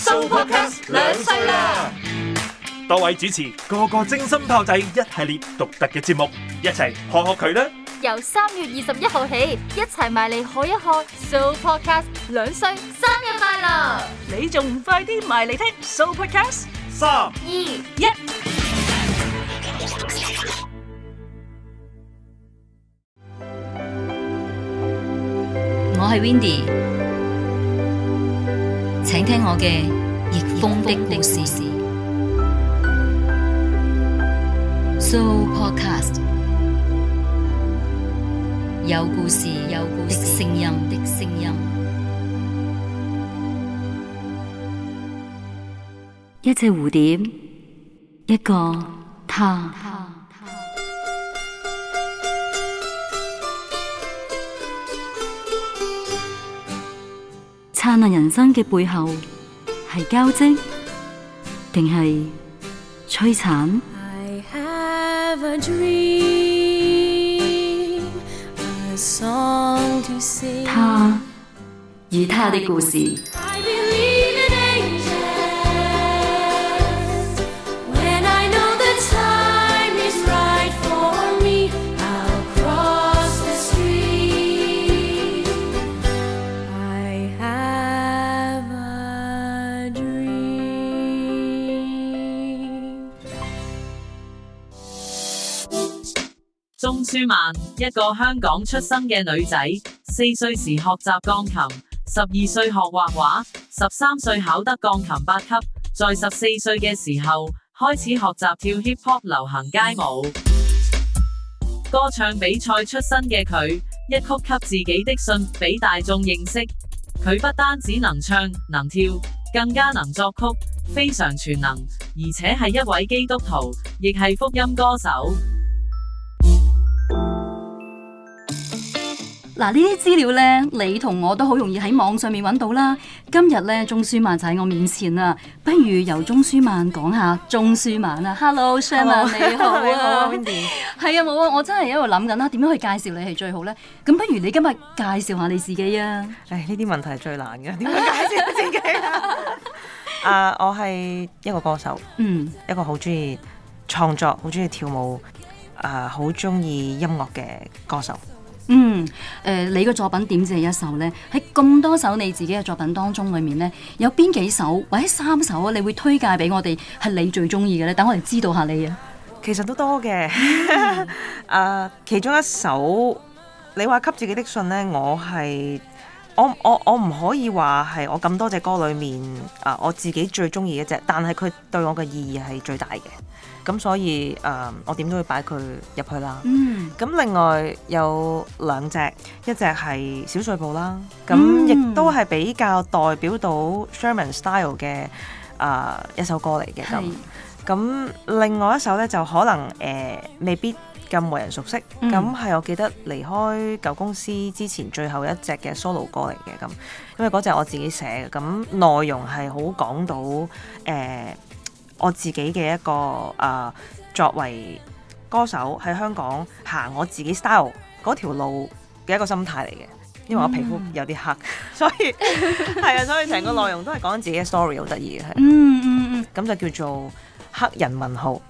So Podcast 兩歲啦！多位主持個個精心炮製一系列獨特嘅節目，一齊學學佢啦！由三月二十一號起，一齊埋嚟學一學 So Podcast 兩歲生日快樂！你仲唔快啲埋嚟聽 So Podcast？三二一，我係 Windy。請聽我嘅逆風的故事。So Podcast 有故事，有故事的聲音的聲音，一隻蝴蝶，一個他。燦爛人生嘅背後係交織，定係摧殘？A dream, a song to sing, 她與她的故事。鍾舒漫，一個香港出生嘅女仔，四歲時學習鋼琴，十二歲學畫畫，十三歲考得鋼琴八級，在十四歲嘅時候開始學習跳 hip hop 流行街舞。歌唱比賽出身嘅佢，一曲給自己的信俾大眾認識。佢不單只能唱能跳，更加能作曲，非常全能，而且係一位基督徒，亦係福音歌手。嗱，呢啲資料呢，你同我都好容易喺網上面揾到啦。今日呢，鍾舒漫就喺我面前啦，不如由鍾舒漫講下。鍾舒漫啊，Hello，Sherman，你好啊，Windy，係啊，冇啊，我真係一路諗緊啦，點樣去介紹你係最好呢？咁 observations 不如你今日介紹下你自己啊？唉，呢啲問題係最難嘅，點樣介紹自己啊？啊，我係一個歌手，嗯，一個好鍾意創作，好鍾意跳舞。啊，好中意音樂嘅歌手。嗯，誒、呃，你嘅作品點止係一首呢？喺咁多首你自己嘅作品當中裏面呢，有邊幾首或者三首啊？你會推介俾我哋係你最中意嘅呢？等我哋知道下你啊。其實都多嘅。啊 ，mm. uh, 其中一首你話給自己的信呢，我係我我我唔可以話係我咁多隻歌裏面啊、uh, 我自己最中意嘅隻，但係佢對我嘅意義係最大嘅。咁所以誒、呃，我點都要擺佢入去啦。咁、嗯、另外有兩隻，一隻係小碎步啦，咁亦、嗯、都係比較代表到 Sherman Style 嘅啊、呃、一首歌嚟嘅。咁咁是另外一首咧就可能誒、呃、未必咁為人熟悉。咁係、嗯、我記得離開舊公司之前最後一隻嘅 solo 歌嚟嘅。咁因為嗰隻我自己寫嘅，咁內容係好講到誒，呃我自己嘅一個誒、呃，作為歌手喺香港行我自己 style 嗰條路嘅一個心態嚟嘅，因為我皮膚有啲黑，所以係啊，所以成個內容都係講自己嘅 story，好得意嘅，係嗯嗯嗯，咁、mm hmm。就叫做黑人問號。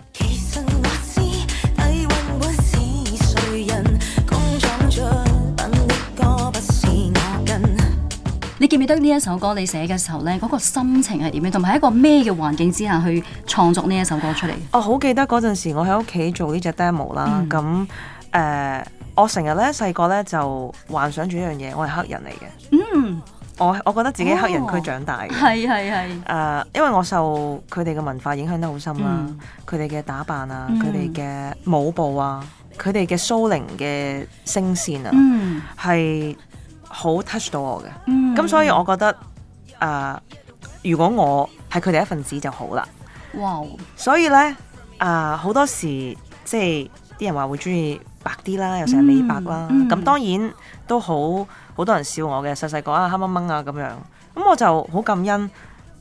你記唔記得呢一首歌你寫嘅時候呢，嗰個心情係點樣，同埋一個咩嘅環境之下去創作呢一首歌出嚟、嗯呃？我好記得嗰陣時，我喺屋企做呢隻 demo 啦。咁誒，我成日呢細個呢，就幻想住一樣嘢，我係黑人嚟嘅。嗯，我我覺得自己黑人區長大嘅，係係係。因為我受佢哋嘅文化影響得好深啦、啊，佢哋嘅打扮啊，佢哋嘅舞步啊，佢哋嘅蘇寧嘅聲線啊，嗯，係。好 touch 到我嘅，咁、mm. 嗯、所以我覺得，誒、呃，如果我係佢哋一份子就好啦。哇，Wow. 所以咧，啊、呃，好多時即係啲人話會中意白啲啦，又成日美白啦，咁、mm. 嗯嗯、當然都好好多人笑我嘅，細細個啊黑掹掹啊咁樣，咁、嗯、我就好感恩，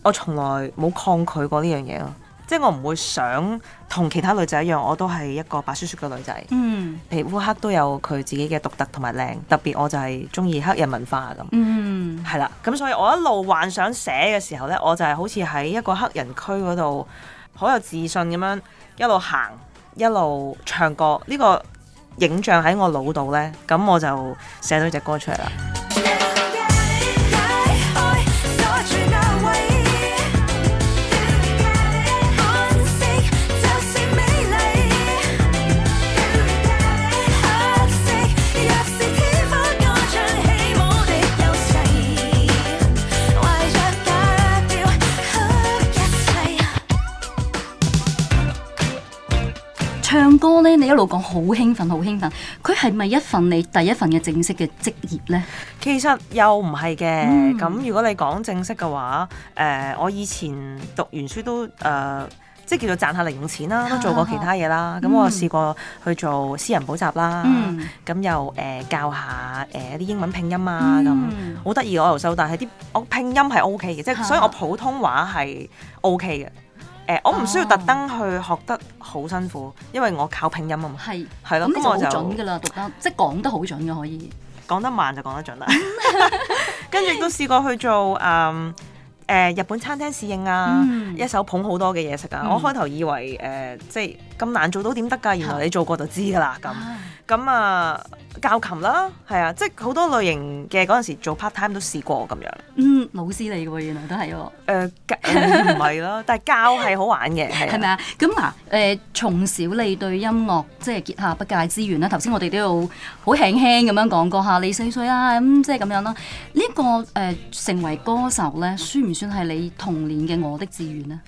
我從來冇抗拒過呢樣嘢咯。即係我唔會想同其他女仔一樣，我都係一個白雪雪嘅女仔。嗯，皮膚黑都有佢自己嘅獨特同埋靚，特別我就係中意黑人文化咁。嗯，係啦，咁所以我一路幻想寫嘅時候呢，我就係好似喺一個黑人區嗰度好有自信咁樣一路行一路唱歌。呢個影像喺我腦度呢，咁我就寫咗隻歌出嚟啦。哥呢，你一路講好興奮，好興奮。佢係咪一份你第一份嘅正式嘅職業呢？其實又唔係嘅。咁、嗯、如果你講正式嘅話，誒、呃，我以前讀完書都誒、呃，即係叫做賺下零用錢啦，都做過其他嘢啦。咁、啊嗯、我試過去做私人補習啦，咁、嗯、又誒、呃、教下誒啲、呃、英文拼音啊咁，好得意我由細到大係啲，我拼音係 O K 嘅，即係、嗯、所以我普通話係 O K 嘅。的誒、呃，我唔需要特登去學得好辛苦，因為我靠拼音啊嘛，係係咯，咁我的就準㗎啦，讀單即得，即係講得好準嘅，可以，講得慢就講得準啦。 跟住都試過去做誒誒、嗯呃、日本餐廳侍應啊，嗯、一手捧好多嘅嘢食啊，嗯、我開頭以為誒、呃、即係。咁難做到點得㗎？原來你做過就知㗎啦，咁咁啊教琴啦，係啊，即係好多類型嘅嗰陣時做 part time 都試過咁樣。嗯，老師嚟嘅喎，原來都係喎。誒唔係咯，但係教係好玩嘅，係咪啊？咁嗱誒，從小你對音樂即係、就是、結下不解之緣啦。頭先我哋都好輕輕咁樣講過下，你四歲啊咁，即係咁樣啦。呢、這個誒、呃、成為歌手咧，算唔算係你童年嘅我的志願呢？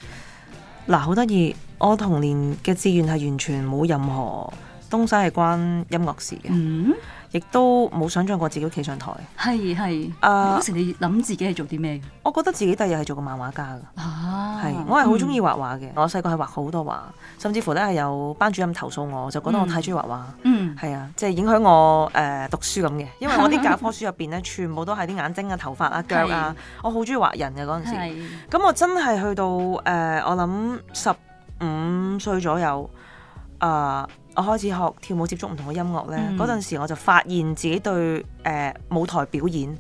嗱，好得意。我童年嘅志願係完全冇任何東西係關音樂事嘅，亦都冇想像過自己企上台。係係，嗰時你諗自己係做啲咩？我覺得自己第日係做個漫畫家㗎。嚇，我係好鍾意畫畫嘅。我細個係畫好多畫，甚至乎咧係有班主任投訴我，就覺得我太鍾意畫畫。嗯，係啊，即係影響我誒讀書咁嘅。因為我啲教科書入邊咧，全部都係啲眼睛啊、頭髮啊、腳啊，我好鍾意畫人嘅嗰陣時。咁我真係去到誒，我諗十五歲左右，啊、呃，我開始學跳舞接觸，接觸唔同嘅音樂咧。嗰陣時我就發現自己對誒、呃、舞台表演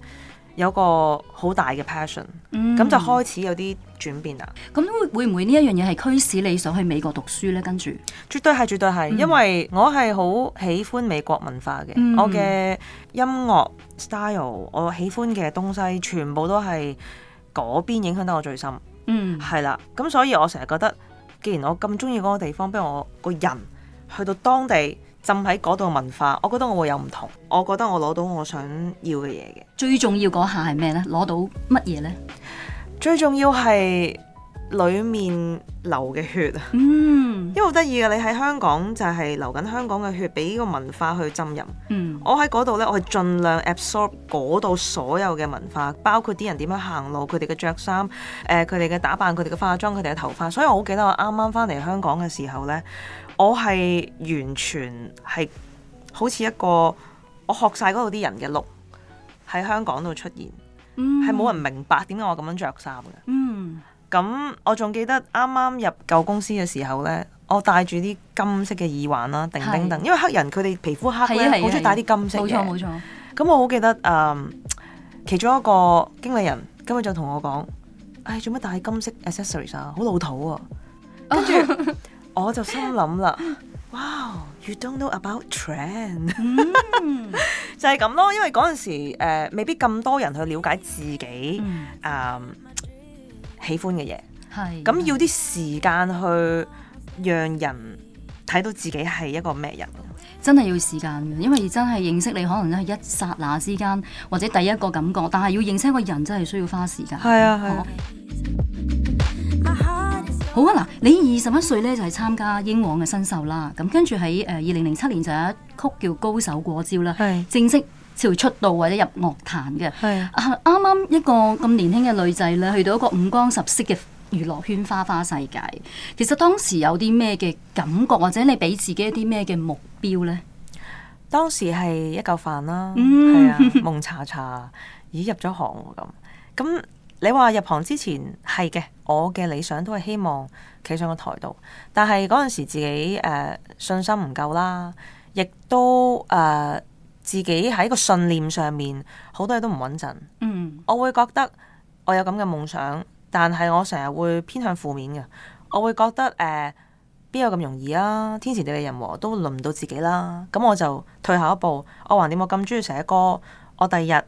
有個好大嘅 passion，咁、嗯、就開始有啲轉變啦。咁會唔會呢一樣嘢係驅使你想去美國讀書呢？跟住，絕對係，絕對係，因為我係好喜歡美國文化嘅，嗯、我嘅音樂 style，我喜歡嘅東西全部都係嗰邊影響得我最深。嗯，係啦，咁所以我成日覺得。既然我咁中意嗰個地方，俾我個人去到當地浸喺嗰度文化，我覺得我會有唔同。我覺得我攞到我想要嘅嘢嘅，最重要嗰下係咩呢？攞到乜嘢呢？最重要係。裏面流嘅血啊，mm. 因為好得意嘅，你喺香港就係流緊香港嘅血，俾呢個文化去浸淫。Mm. 我喺嗰度呢，我係盡量 absorb 嗰度所有嘅文化，包括啲人點樣行路，佢哋嘅着衫，誒、呃，佢哋嘅打扮，佢哋嘅化妝，佢哋嘅頭髮。所以我好記得我啱啱翻嚟香港嘅時候呢，我係完全係好似一個我學晒嗰度啲人嘅 look 喺香港度出現，嗯，係冇人明白點解我咁樣着衫嘅，嗯。Mm. 咁我仲記得啱啱入舊公司嘅時候咧，我戴住啲金色嘅耳環啦、叮叮叮，因為黑人佢哋皮膚黑咧，好鍾意戴啲金色嘅。冇錯，冇錯。咁我好記得誒，um, 其中一個經理人今日就同我講，唉、哎，做乜戴金色 accessories 啊？好老土啊！跟住我就心諗啦，哇、 wow，you don't know about trend 就係咁咯。因為嗰陣時、uh, 未必咁多人去了解自己誒。嗯 um, 喜歡嘅嘢，係咁是要啲時間去讓人睇到自己係一個咩人，真係要時間嘅，因為真係認識你可能咧係一剎那之間或者第一個感覺，但係要認識一個人真係需要花時間。係啊係。好，吧 so、好啊嗱，你二十一歲呢，就係、是、參加英皇嘅新秀啦，咁跟住喺誒二零零七年就有一曲叫《高手過招》啦，係是正式。朝出道或者入樂壇嘅，啱啱的、啊、一個咁年輕嘅女仔咧，去到一個五光十色嘅娛樂圈花花世界，其實當時有啲咩嘅感覺，或者你俾自己一啲咩嘅目標呢？當時係一嚿飯啦，係、嗯、啊，蒙查查，咦入咗行咁、啊？咁你話入行之前係嘅，我嘅理想都係希望企上個台度，但係嗰陣時自己誒、uh, 信心唔夠啦，亦都誒。Uh, 自己喺個信念上面好多嘢都唔穩陣，mm。我會覺得我有咁嘅夢想，但係我成日會偏向負面嘅。我會覺得誒，邊、呃、有咁容易啊？天時地利人和都輪唔到自己啦。咁我就退後一步。哦、我橫掂我咁中意寫歌，我第二日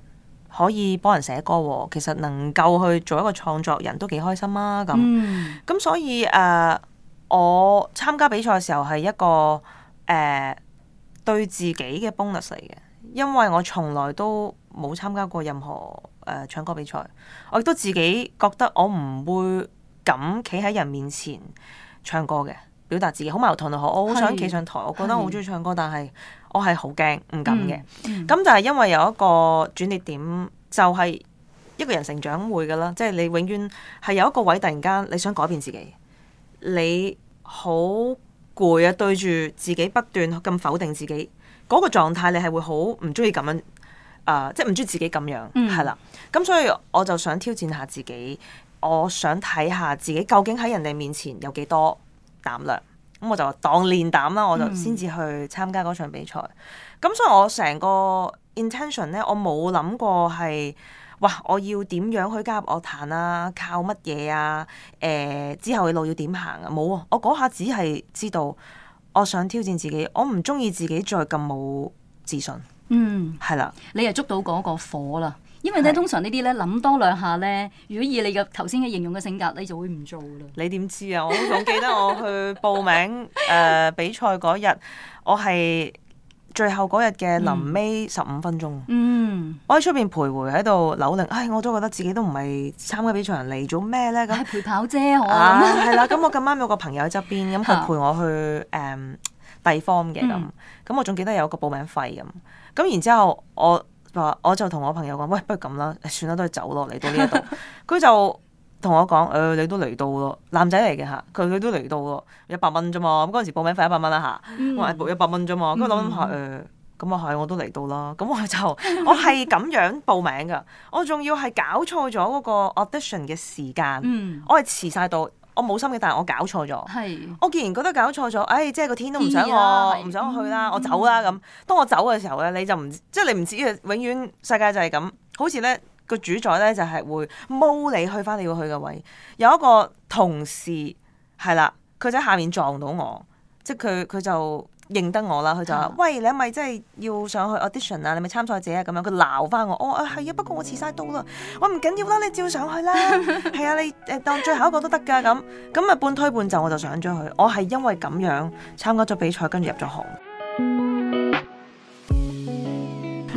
可以幫人寫歌、啊。其實能夠去做一個創作人都幾開心啊！咁咁、mm。所以誒、呃，我參加比賽嘅時候係一個誒、呃、對自己嘅 bonus 嚟嘅。因為我從來都冇參加過任何誒、呃、唱歌比賽，我亦都自己覺得我唔會敢企喺人面前唱歌嘅，表達自己好矛盾咯。我好想企上台，是我覺得我好鍾意唱歌，是但係我係好驚，唔敢嘅。咁、嗯嗯、就係因為有一個轉捩點，就係、是、一個人成長會㗎啦。即、就、係、是、你永遠係有一個位，突然間你想改變自己，你好攰啊，對住自己不斷咁否定自己。嗰個狀態你，你係會好唔鍾意咁樣啊？即係唔鍾意自己咁樣，係啦、嗯。咁所以我就想挑戰下自己，我想睇下自己究竟喺人哋面前有幾多膽量。咁我就當練膽啦，我就先至去參加嗰場比賽。咁、嗯、所以我成個 intention 咧，我冇諗過係哇，我要點樣去加入樂壇啊？靠乜嘢啊？誒、呃，之後嘅路要點行啊？冇啊！我嗰下只係知道。我想挑戰自己，我唔中意自己再咁冇自信。嗯，係啦了，你又捉到嗰個火啦，因為咧通常呢啲咧諗多兩下咧，如果以你嘅頭先嘅形容嘅性格，你就會唔做噶啦。你點知啊？我好仲記得我去報名誒、 呃、比賽嗰日，我係。最後嗰日嘅臨尾十五分鐘，嗯，我喺出邊徘徊喺度扭擰。唉，我都覺得自己都唔係參加比賽人嚟，做咩咧咁陪跑啫，我係啦，咁、啊、 我咁啱有個朋友喺側邊，咁佢陪我去誒、嗯嗯、地方嘅咁，咁我仲記得有個報名費咁，咁然之後我話我就同我朋友講，喂，不如咁啦，算啦，都係走落嚟到呢一度，佢就，同我講，誒、欸，你都嚟到咯，男仔嚟嘅吓，佢佢都嚟到咯，一百蚊啫嘛，咁嗰陣時報名費一百蚊啦吓，我係報一百蚊啫嘛，咁諗下，誒、嗯，咁啊係，我都嚟到啦，咁我就我係咁樣報名噶。 我仲要係搞錯咗嗰個 audition 嘅時間，嗯、我係遲晒到，我冇心嘅，但係我搞錯咗，是我既然覺得搞錯咗，誒、哎，即、就、係、是、個天都唔想我，唔、啊、想我去啦，我走啦咁，嗯嗯、當我走嘅時候咧，你就唔即係你唔知，永遠世界就係咁，好似咧。個主宰咧就係會踎你去翻你要去嘅位，有一個同事係啦，佢就喺下面撞到我，即係佢佢就認得我啦，佢就話，啊、喂，你係咪真係要上去 audition 啊？你咪參賽者啊？咁樣佢鬧翻我，哦，啊係啊，不過我遲晒到啦，我唔緊要啦，你照上去啦，係啊， 你誒當最後一個都得噶，咁咁啊半推半就我就上咗去，我係因為咁樣參加咗比賽，跟住入咗行。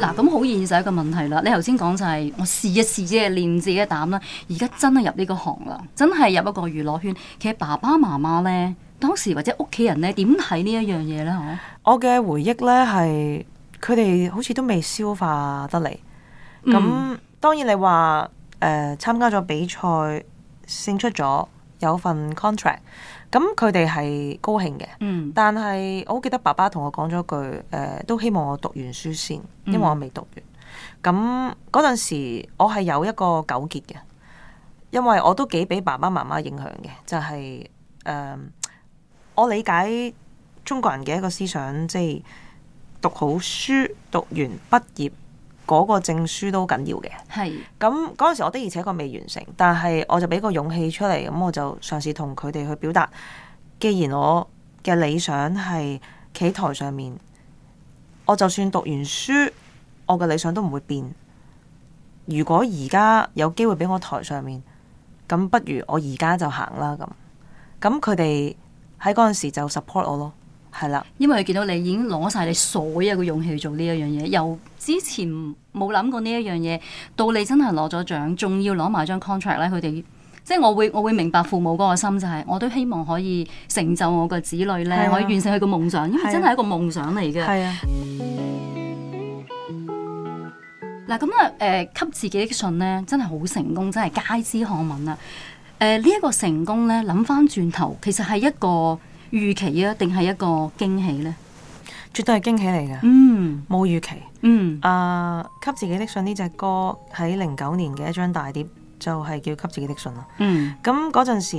嗱，咁好、啊、現實一個問題啦！你頭先講就係、是、我試一試嘅練自己嘅膽啦，而家真係入呢個行啦，真係入一個娛樂圈。其實爸爸媽媽呢，當時或者屋企人呢，點睇呢一樣嘢呢？我嘅回憶呢，係佢哋好似都未消化得嚟。咁、嗯、當然你話誒、呃、參加咗比賽勝出咗有份 contract。咁佢哋係高興嘅，但係我記得爸爸同我講咗句，誒，都希望我讀完書先，因為我未讀完。咁嗰陣時，我係有一個糾結嘅，因為我都幾俾爸爸媽媽影響嘅，就係誒，我理解中國人嘅一個思想，即係讀好書，讀完畢業。嗰個證書都緊要嘅，係，咁嗰陣時，我的而且確未完成，但係我就俾個勇氣出嚟，咁我就嘗試同佢哋去表達，既然我嘅理想係企台上面，我就算讀完書，我嘅理想都唔會變。如果而家有機會俾我台上面，咁不如我而家就行啦。咁，咁佢哋喺嗰陣時就 support 我咯。係啦，因為佢見到你已經攞晒你所有嘅勇氣去做呢一樣嘢，由之前冇諗過呢一樣嘢，到你真係攞咗獎，仲要攞埋張 contract 咧，佢哋即係我會我會明白父母嗰個心，就是，就係我都希望可以成就我個子女咧，的可以完成佢嘅夢想，因為真係一個夢想嚟嘅。係啊。嗱咁啊，誒、呃、給自己的信呢，真係好成功，真係街知巷聞啊！誒呢一個成功咧，諗返轉頭，其實係一個預期啊，定係一個驚喜呢？絕對係驚喜嚟噶。嗯，冇預期。嗯。啊，給自己的信呢隻歌喺零九年嘅一張大碟，就係、是、叫給自己的信啦。嗯。咁嗰陣時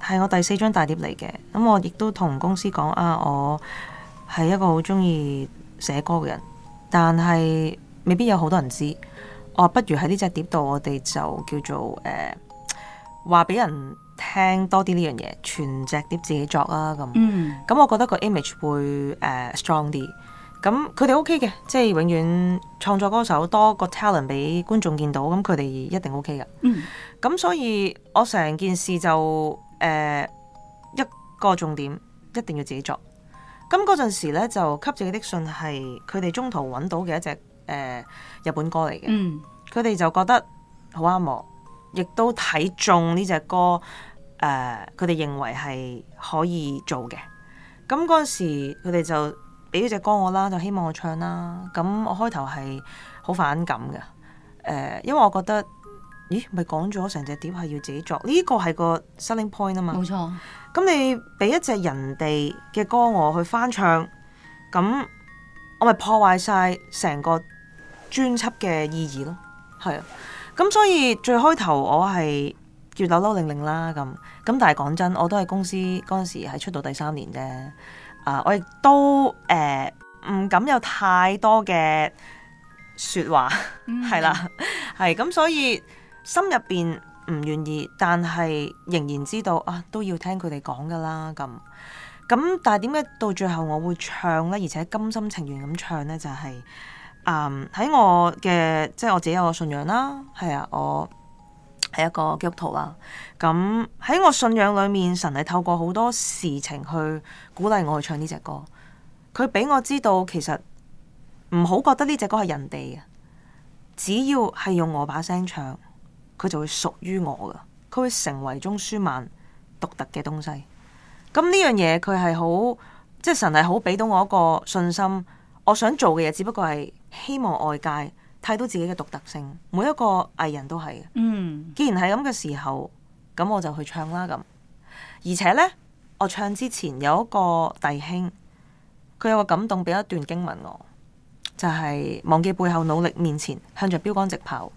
係我第四張大碟嚟嘅，咁我亦都同公司講啊，我係一個好鍾意寫歌嘅人，但係未必有好多人知，我不如喺呢隻碟度，我哋就叫做誒，話、uh, 俾人。聽多啲呢樣嘢，全隻碟自己作啊咁，咁、mm. 嗯、我覺得個 image 會誒、uh, strong 啲。咁佢哋 OK 嘅，即係永遠創作歌手多個 talent 俾觀眾見到，咁佢哋一定 OK 嘅。咁、mm. 嗯、所以我成件事就誒、uh, 一個重點，一定要自己作。咁嗰陣時呢，就給自己的信係佢哋中途揾到嘅一隻誒、uh, 日本歌嚟嘅，佢哋、mm. 就覺得好啱我。亦都睇中呢隻歌，誒、呃，佢哋認為係可以做嘅。咁嗰陣時，佢哋就俾咗隻歌我啦，就希望我唱啦。咁我開頭係好反感嘅，誒、呃，因為我覺得，咦，咪講咗成隻碟係要自己作，呢個係個 selling point 啊嘛，冇錯。咁你俾一隻人哋嘅歌我去翻唱，咁我咪破壞晒成個專輯嘅意義咯，係啊。咁所以最開頭我係叫扭扭擰擰啦咁，咁但係講真，我都係公司嗰陣時係出道第三年啫，啊，我亦都誒唔、呃、敢有太多嘅說話，係、嗯、 啦，係咁所以心入邊唔願意，但係仍然知道啊都要聽佢哋講噶啦咁，咁但係點解到最後我會唱咧，而且甘心情願咁唱咧就係、是。嗯，喺、um, 我嘅即係我自己有個信仰啦，係啊，我係一個基督徒啦。咁、嗯、喺我信仰裏面，神係透過好多事情去鼓勵我去唱呢隻歌。佢俾我知道，其實唔好覺得呢隻歌係人哋嘅，只要係用我把聲唱，佢就會屬於我噶。佢會成為鍾舒漫獨特嘅東西。咁、嗯、呢樣嘢，佢係好，即係神係好俾到我一個信心。我想做嘅嘢，只不過係希望外界睇到自己嘅獨特性。每一個藝人都係嘅、mm. 既然係咁嘅時候，咁我就去唱啦。咁而且呢，我唱之前有一個弟兄，佢有個感動，俾一段經文我，就係、是、忘記背後努力面前，向着標杆直跑。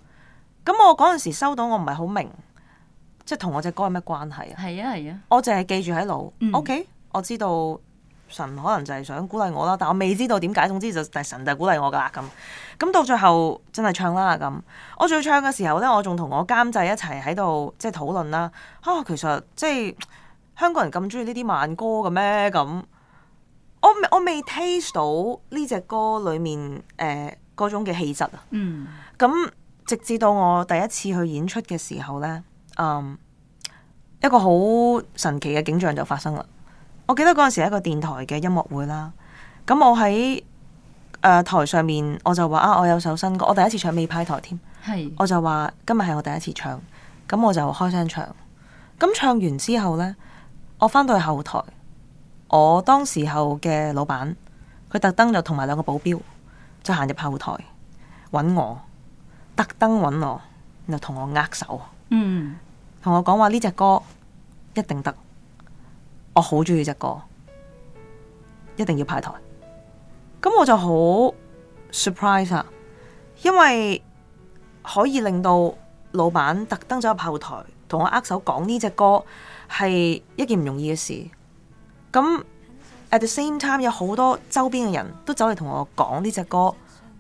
咁我嗰陣時收到，我唔係好明，即係同我、啊啊啊、我隻歌有咩關係啊？係啊，係啊。我淨係記住喺腦。Mm. O、okay, K，我知道。神可能就係想鼓勵我啦，但我未知道點解，總之就係神就係鼓勵我噶啦咁。咁到最後真係唱啦咁。我最唱嘅時候咧，我仲同我監製一齊喺度即係討論啦。啊，其實即係香港人咁中意呢啲慢歌嘅咩咁？我未我未 taste 到呢隻歌裏面誒嗰、呃、種嘅氣質啊。咁、mm. 直至到我第一次去演出嘅時候咧，嗯，一個好神奇嘅景象就發生啦。我記得嗰陣時係一個電台嘅音樂會啦，咁我喺誒、呃、台上面，我就話啊，我有首新歌，我第一次唱未派台添，係是，我就話今日係我第一次唱，咁我就開聲唱，咁唱完之後呢，我翻到去後台，我當時候嘅老闆，佢特登就同埋兩個保鏢，就行入後台揾我，特登揾我，然後同我握手，嗯，同我講話呢隻歌一定得。我好中意隻歌，一定要派台。咁我就好 surprise 啊，因為可以令到老闆特登走入後台同我握手，講呢隻歌係一件唔容易嘅事。咁 at the same time 有好多周邊嘅人都走嚟同我講呢隻歌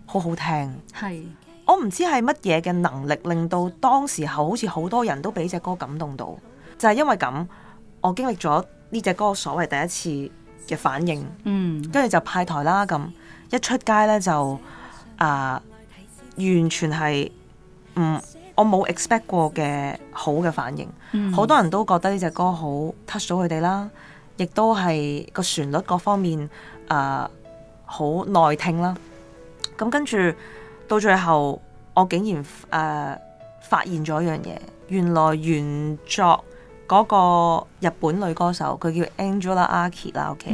好好聽。係是我唔知係乜嘢嘅能力令到當時候好似好多人都俾隻歌感動到，就係、是、因為咁，我經歷咗。呢隻歌所謂第一次嘅反應，跟住、嗯、就派台啦咁，一出街呢，就啊、呃，完全係唔、嗯、我冇 expect 過嘅好嘅反應，好、嗯、多人都覺得呢隻歌好 touch 到佢哋啦，亦都係個旋律各方面啊好、呃、耐聽啦。咁跟住到最後，我竟然誒、呃、發現咗一樣嘢，原來原作。嗰個日本女歌手，佢叫 Angela Aki 啦，OK，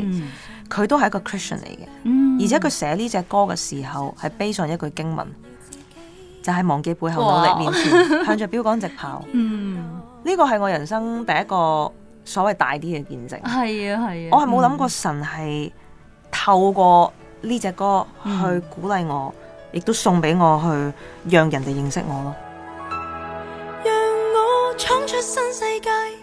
佢、mm. 都係一個 Christian 嚟嘅，mm. 而且佢寫呢隻歌嘅時候係背上一句經文，就係、是、忘記背後努力，哇面前向着標杆直跑。呢個係我人生第一個所謂大啲嘅見證。係啊，係啊，我係冇諗過神係透過呢隻歌去鼓勵我，mm. 亦都送俾我去，讓人哋認識我咯。讓我闖出新世界。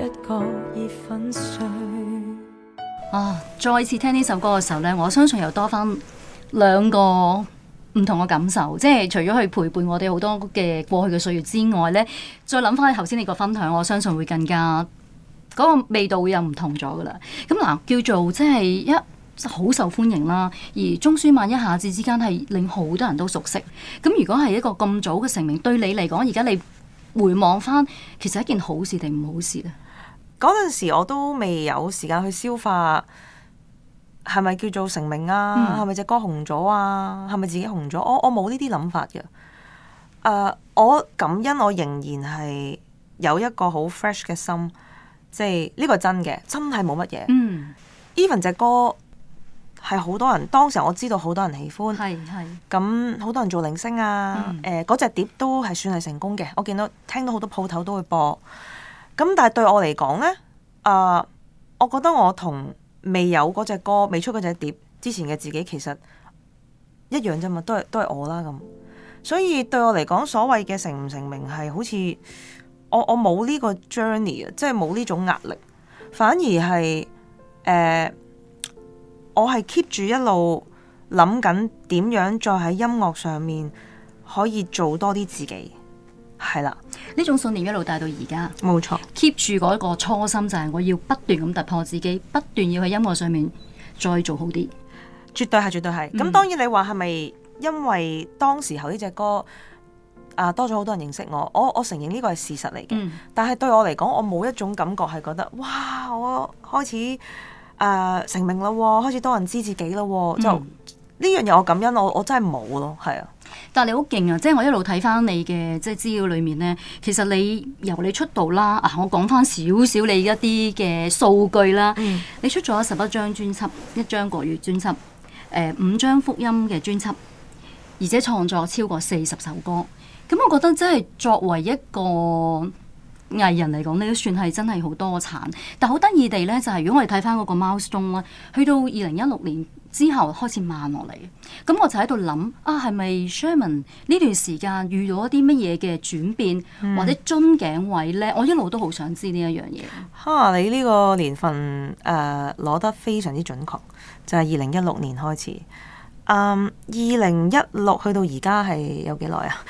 一個熱粉碎。啊，再次聽呢首歌嘅時候咧，我相信又多翻兩個唔同嘅感受。即係除咗去陪伴我哋好多嘅過去嘅歲月之外呢，再諗翻頭先你個分享，我相信會更加嗰、那個味道會有唔同咗噶啦。咁嗱，叫做即係一好受歡迎啦，而鍾舒漫一下子之間係令好多人都熟悉。咁如果係一個咁早嘅成名，對你嚟講，而家你回望翻，其實係一件好事定唔好事咧？嗰陣時我都未有時間去消化，係咪叫做成名啊？係咪隻歌紅咗啊？係咪自己紅咗？我我冇呢啲諗法嘅。誒，uh，我感恩，我仍然係有一個好 fresh 嘅心，即係呢個真嘅，真係冇乜嘢。Even 隻歌係好多人，當時我知道好多人喜歡，係係。咁好多人做鈴聲啊，誒，嗰隻碟都係算係成功嘅。我見到聽到好多鋪頭都會播。咁但係對我嚟講呢，啊、呃，我覺得我同未有嗰隻歌，未出嗰隻碟之前嘅自己，其實一樣啫嘛，都係都係我啦咁。所以對我嚟講，所謂嘅成唔成名，係好似我我冇呢個 journey 啊，即係冇呢種壓力，反而係誒、呃，我係 keep 住一路諗緊點樣再喺音樂上面可以做多啲自己。係啦，呢種信念一路帶到而家，冇錯，keep 住嗰一個初心就係、是、我要不斷咁突破自己，不斷要喺音樂上面再做好啲，絕對係絕對係。咁、嗯、當然你話係咪因為當時候呢隻歌啊多咗好多人認識我，我我承認呢個係事實嚟嘅，嗯、但係對我嚟講，我冇一種感覺係覺得哇，我開始誒、呃、成名啦，開始多人知自己啦，嗯、就。嗯呢樣嘢我感恩我我真係冇咯，係啊！但係你好勁啊！即係我一路睇翻你嘅即係資料裏面呢，其實你由你出道啦，啊，我講翻少少你一啲嘅數據啦，嗯、你出咗十一張專輯，一張國語專輯，五、呃、張福音嘅專輯，而且創作超過四十首歌。咁我覺得真係作為一個藝人嚟講呢，都算係真係好多產。但好得意地呢，就係、是、如果我哋睇翻嗰個 milestone 去到二零一六年。之後開始慢落嚟嘅，咁我就喺度諗啊，係咪 Sherman 呢段時間遇到一啲乜嘢嘅轉變、嗯、或者樽頸位呢？我一路都好想知呢一樣嘢。嚇！你呢個年份誒攞、呃、得非常之準確，就係二零一六年開始。嗯、呃，二零一六去到而家係有幾耐啊？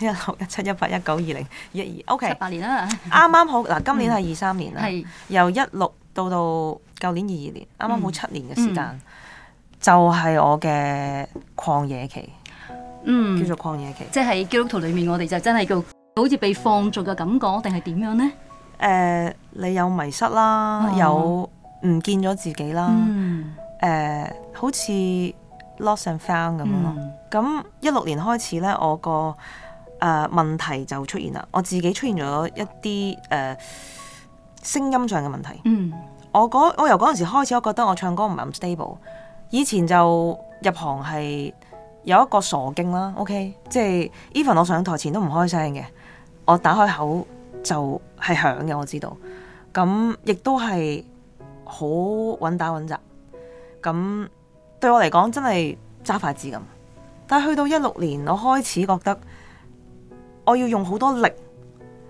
一六一七一八一九二零二二。O K，八年啦，啱啱好嗱、啊。今年係二三年啦，嗯、由一六到到舊年二二年，啱啱好七年嘅時間。嗯嗯就係我嘅曠野期，嗯，叫做曠野期，即係基督徒裏面我哋就真係叫好似被放逐嘅感覺，定係點樣呢？誒、呃，你有迷失啦，啊、有唔見咗自己啦，誒、嗯呃，好似 lost and found 咁咯。咁一六年開始呢，我個誒、呃、問題就出現啦，我自己出現咗一啲誒聲音上嘅問題。嗯，我我由嗰陣時開始，我覺得我唱歌唔係咁 stable。以前就入行係有一個傻勁啦，OK，即係 even 我上台前都唔開聲嘅，我打開口就係響嘅。我知道咁，亦都係好穩打穩紮。咁對我嚟講真係揸筷子咁，但係去到一六年，我開始覺得我要用好多力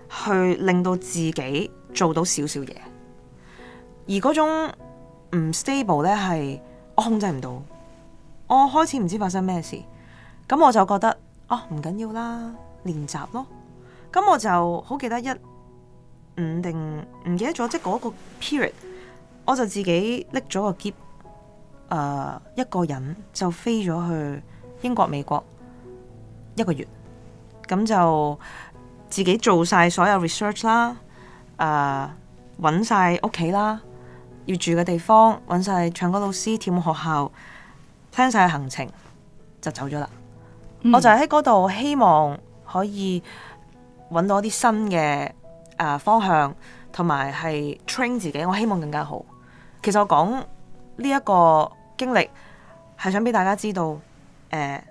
去令到自己做到少少嘢，而嗰種唔 stable 呢係。我控制唔到，我開始唔知發生咩事，咁我就覺得哦，唔緊要啦，練習咯，咁我就好記得一五定唔記得咗，即嗰個 period，我就自己拎咗個篋，誒、呃、一個人就飛咗去英國美國一個月，咁就自己做晒所有 research 啦，誒搵晒屋企啦。要住嘅地方，揾晒唱歌老師，跳舞學校，plan 晒行程，就走咗啦。嗯、我就喺嗰度，希望可以揾到一啲新嘅誒、呃、方向，同埋係 train 自己。我希望更加好。其實我講呢一個經歷，係想俾大家知道，誒、呃，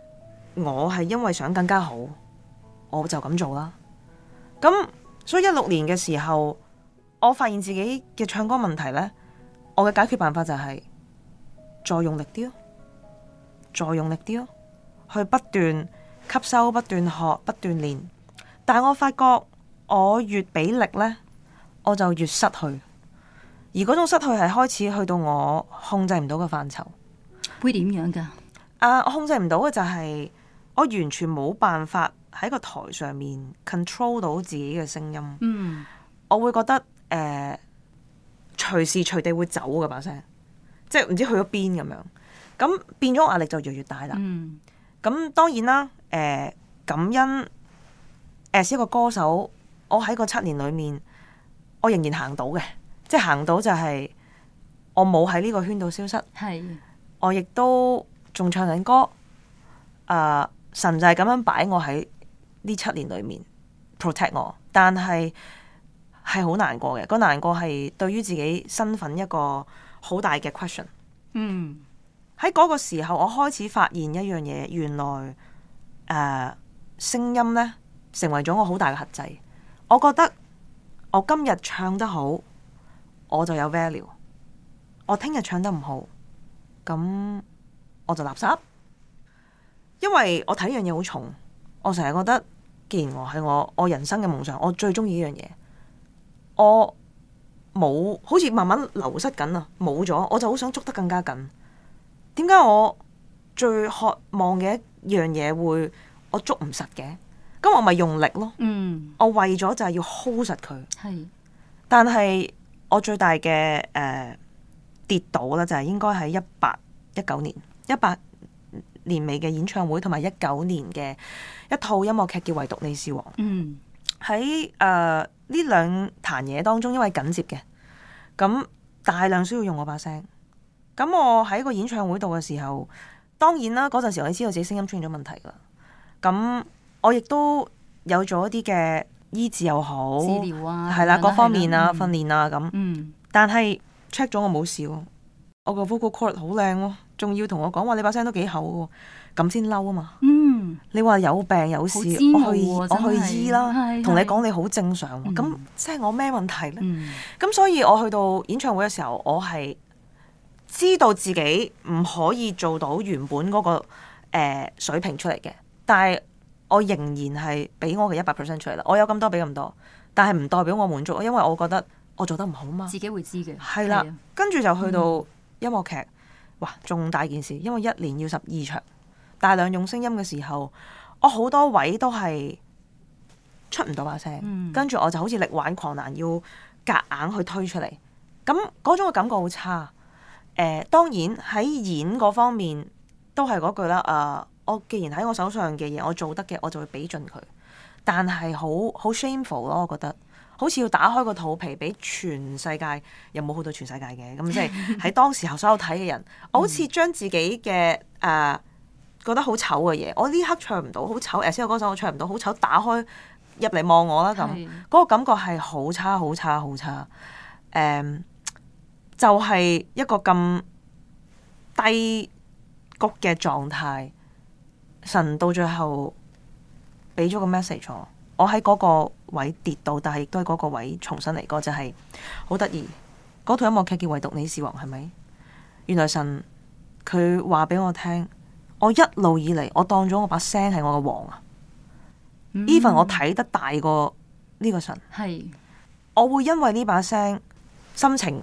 我係因為想更加好，我就咁做啦。咁所以一六年嘅時候，我發現自己嘅唱歌問題呢。我嘅解決辦法就係再用力啲咯，再用力啲咯，去不斷吸收、不斷學、不斷練。但我發覺我越俾力呢，我就越失去。而嗰種失去係開始去到我控制唔到嘅範疇，會點樣噶？啊，uh, 我控制唔到嘅就係、是、我完全冇辦法喺個台上面 control 到自己嘅聲音。嗯，我會覺得誒。Uh, 隨時隨地會走嘅把聲，即係唔知去咗邊咁樣，咁變咗壓力就越越大啦。咁、嗯、當然啦，誒、呃、感恩。誒是一個歌手，我喺個七年裏面，我仍然行到嘅，即係行到就係我冇喺呢個圈度消失。係，是的 我亦都仲唱緊歌。啊、呃，神就係咁樣擺我喺呢七年裏面 protect 我，但係。係好難過嘅，個難過係對於自己身份一個好大嘅 question。嗯，喺嗰個時候，我開始發現一樣嘢，原來誒、呃、聲音呢，成為咗我好大嘅轄制。我覺得我今日唱得好，我就有 value；我聽日唱得唔好，咁我就垃圾。因為我睇呢樣嘢好重，我成日覺得，既然我係我，我人生嘅夢想，我最中意呢樣嘢。我冇好似慢慢流失緊啊，冇咗，我就好想捉得更加緊。點解我最渴望嘅一樣嘢會我捉唔實嘅？咁我咪用力咯。嗯，我為咗就係要 hold 實佢。係是，但係我最大嘅誒、呃、跌倒啦，就係、是、應該係一八一九年一八年尾嘅演唱會，同埋一九年嘅一套音樂劇叫《惟獨祢是王》。嗯。喺誒呢兩壇嘢當中，因為緊接嘅，咁大量需要用我把聲，咁我喺個演唱會度嘅時候，當然啦，嗰陣時我知道自己聲音出現咗問題㗎啦，咁我亦都有咗一啲嘅醫治又好，治療啊，係啦的，各方面啊，嗯、訓練啊咁，嗯、但係 check 咗我冇事喎，我個 vocal cord 好靚喎，仲要同我講話你把聲都幾厚喎！咁先嬲啊嘛！嗯，你話有病有事，我去我去醫啦，同你講你好正常。咁即係我咩問題咧？咁所以我去到演唱會嘅時候，我係知道自己唔可以做到原本嗰個誒水平出嚟嘅，但係我仍然係俾我嘅一百 percent 出嚟啦。我有咁多俾咁多，但係唔代表我滿足，因為我覺得我做得唔好嘛。自己會知嘅。係啦，跟住就去到音樂劇，哇！重大件事，因為一年要十二場。大量用聲音嘅時候，我好多位都係出唔到把聲，跟住我就好似力挽狂瀾，要夾硬去推出嚟，咁嗰種嘅感覺好差。誒、呃，當然喺演嗰方面都係嗰句啦。誒、呃，我既然喺我手上嘅嘢，我做得嘅，我就會俾盡佢。但係好好 shameful 咯，我覺得好似要打開個肚皮，俾全世界又冇去到全世界嘅，咁即係喺當時候所有睇嘅人， 我好似將自己嘅誒。呃覺得好醜嘅嘢，我呢刻唱唔到，好醜！誒的，先我首我唱唔到，好醜！打開入嚟望我啦咁，嗰的個感覺係好差、好差、好差。誒、um，就係一個咁低谷嘅狀態。神到最後俾咗個 message 我，我喺嗰個位跌到，但係亦都喺嗰個位重新嚟過，就係好得意。嗰套音樂劇叫《惟獨祢是王》，係咪？原來神佢話俾我聽。我一路以嚟，我當咗我把聲係我嘅王啊、嗯、。Even 我睇得大過呢個神，係是我會因為呢把聲心情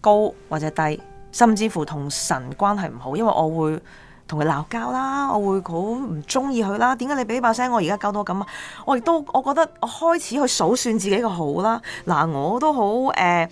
高或者低，甚至乎同神關係唔好，因為我會同佢鬧交啦，我會好唔中意佢啦。點解你俾呢把聲我而家搞到咁啊？我亦都我覺得我開始去數算自己嘅好啦。嗱，我都好誒。呃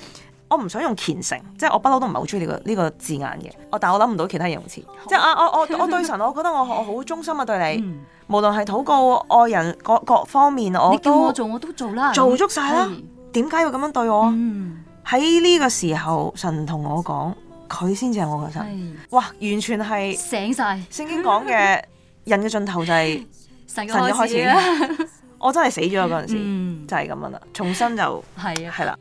我唔想用虔誠，即係我不嬲都唔係好鍾意呢個呢、呢個字眼嘅。但我但係我諗唔到其他形容詞。好即係啊，我我我對神，我覺得我我好忠心啊，對你。嗯、無論係禱告、愛人各各方面，我，我做，我都做啦，做足晒啦。點解是要咁樣對我？喺呢、嗯、個時候，神同我講，佢先至係我個神。是哇，完全係醒晒了。聖經講嘅人嘅盡頭就係神嘅開始。 我真係死咗啊！嗰陣時、嗯、就係咁樣啦，重新就係啦。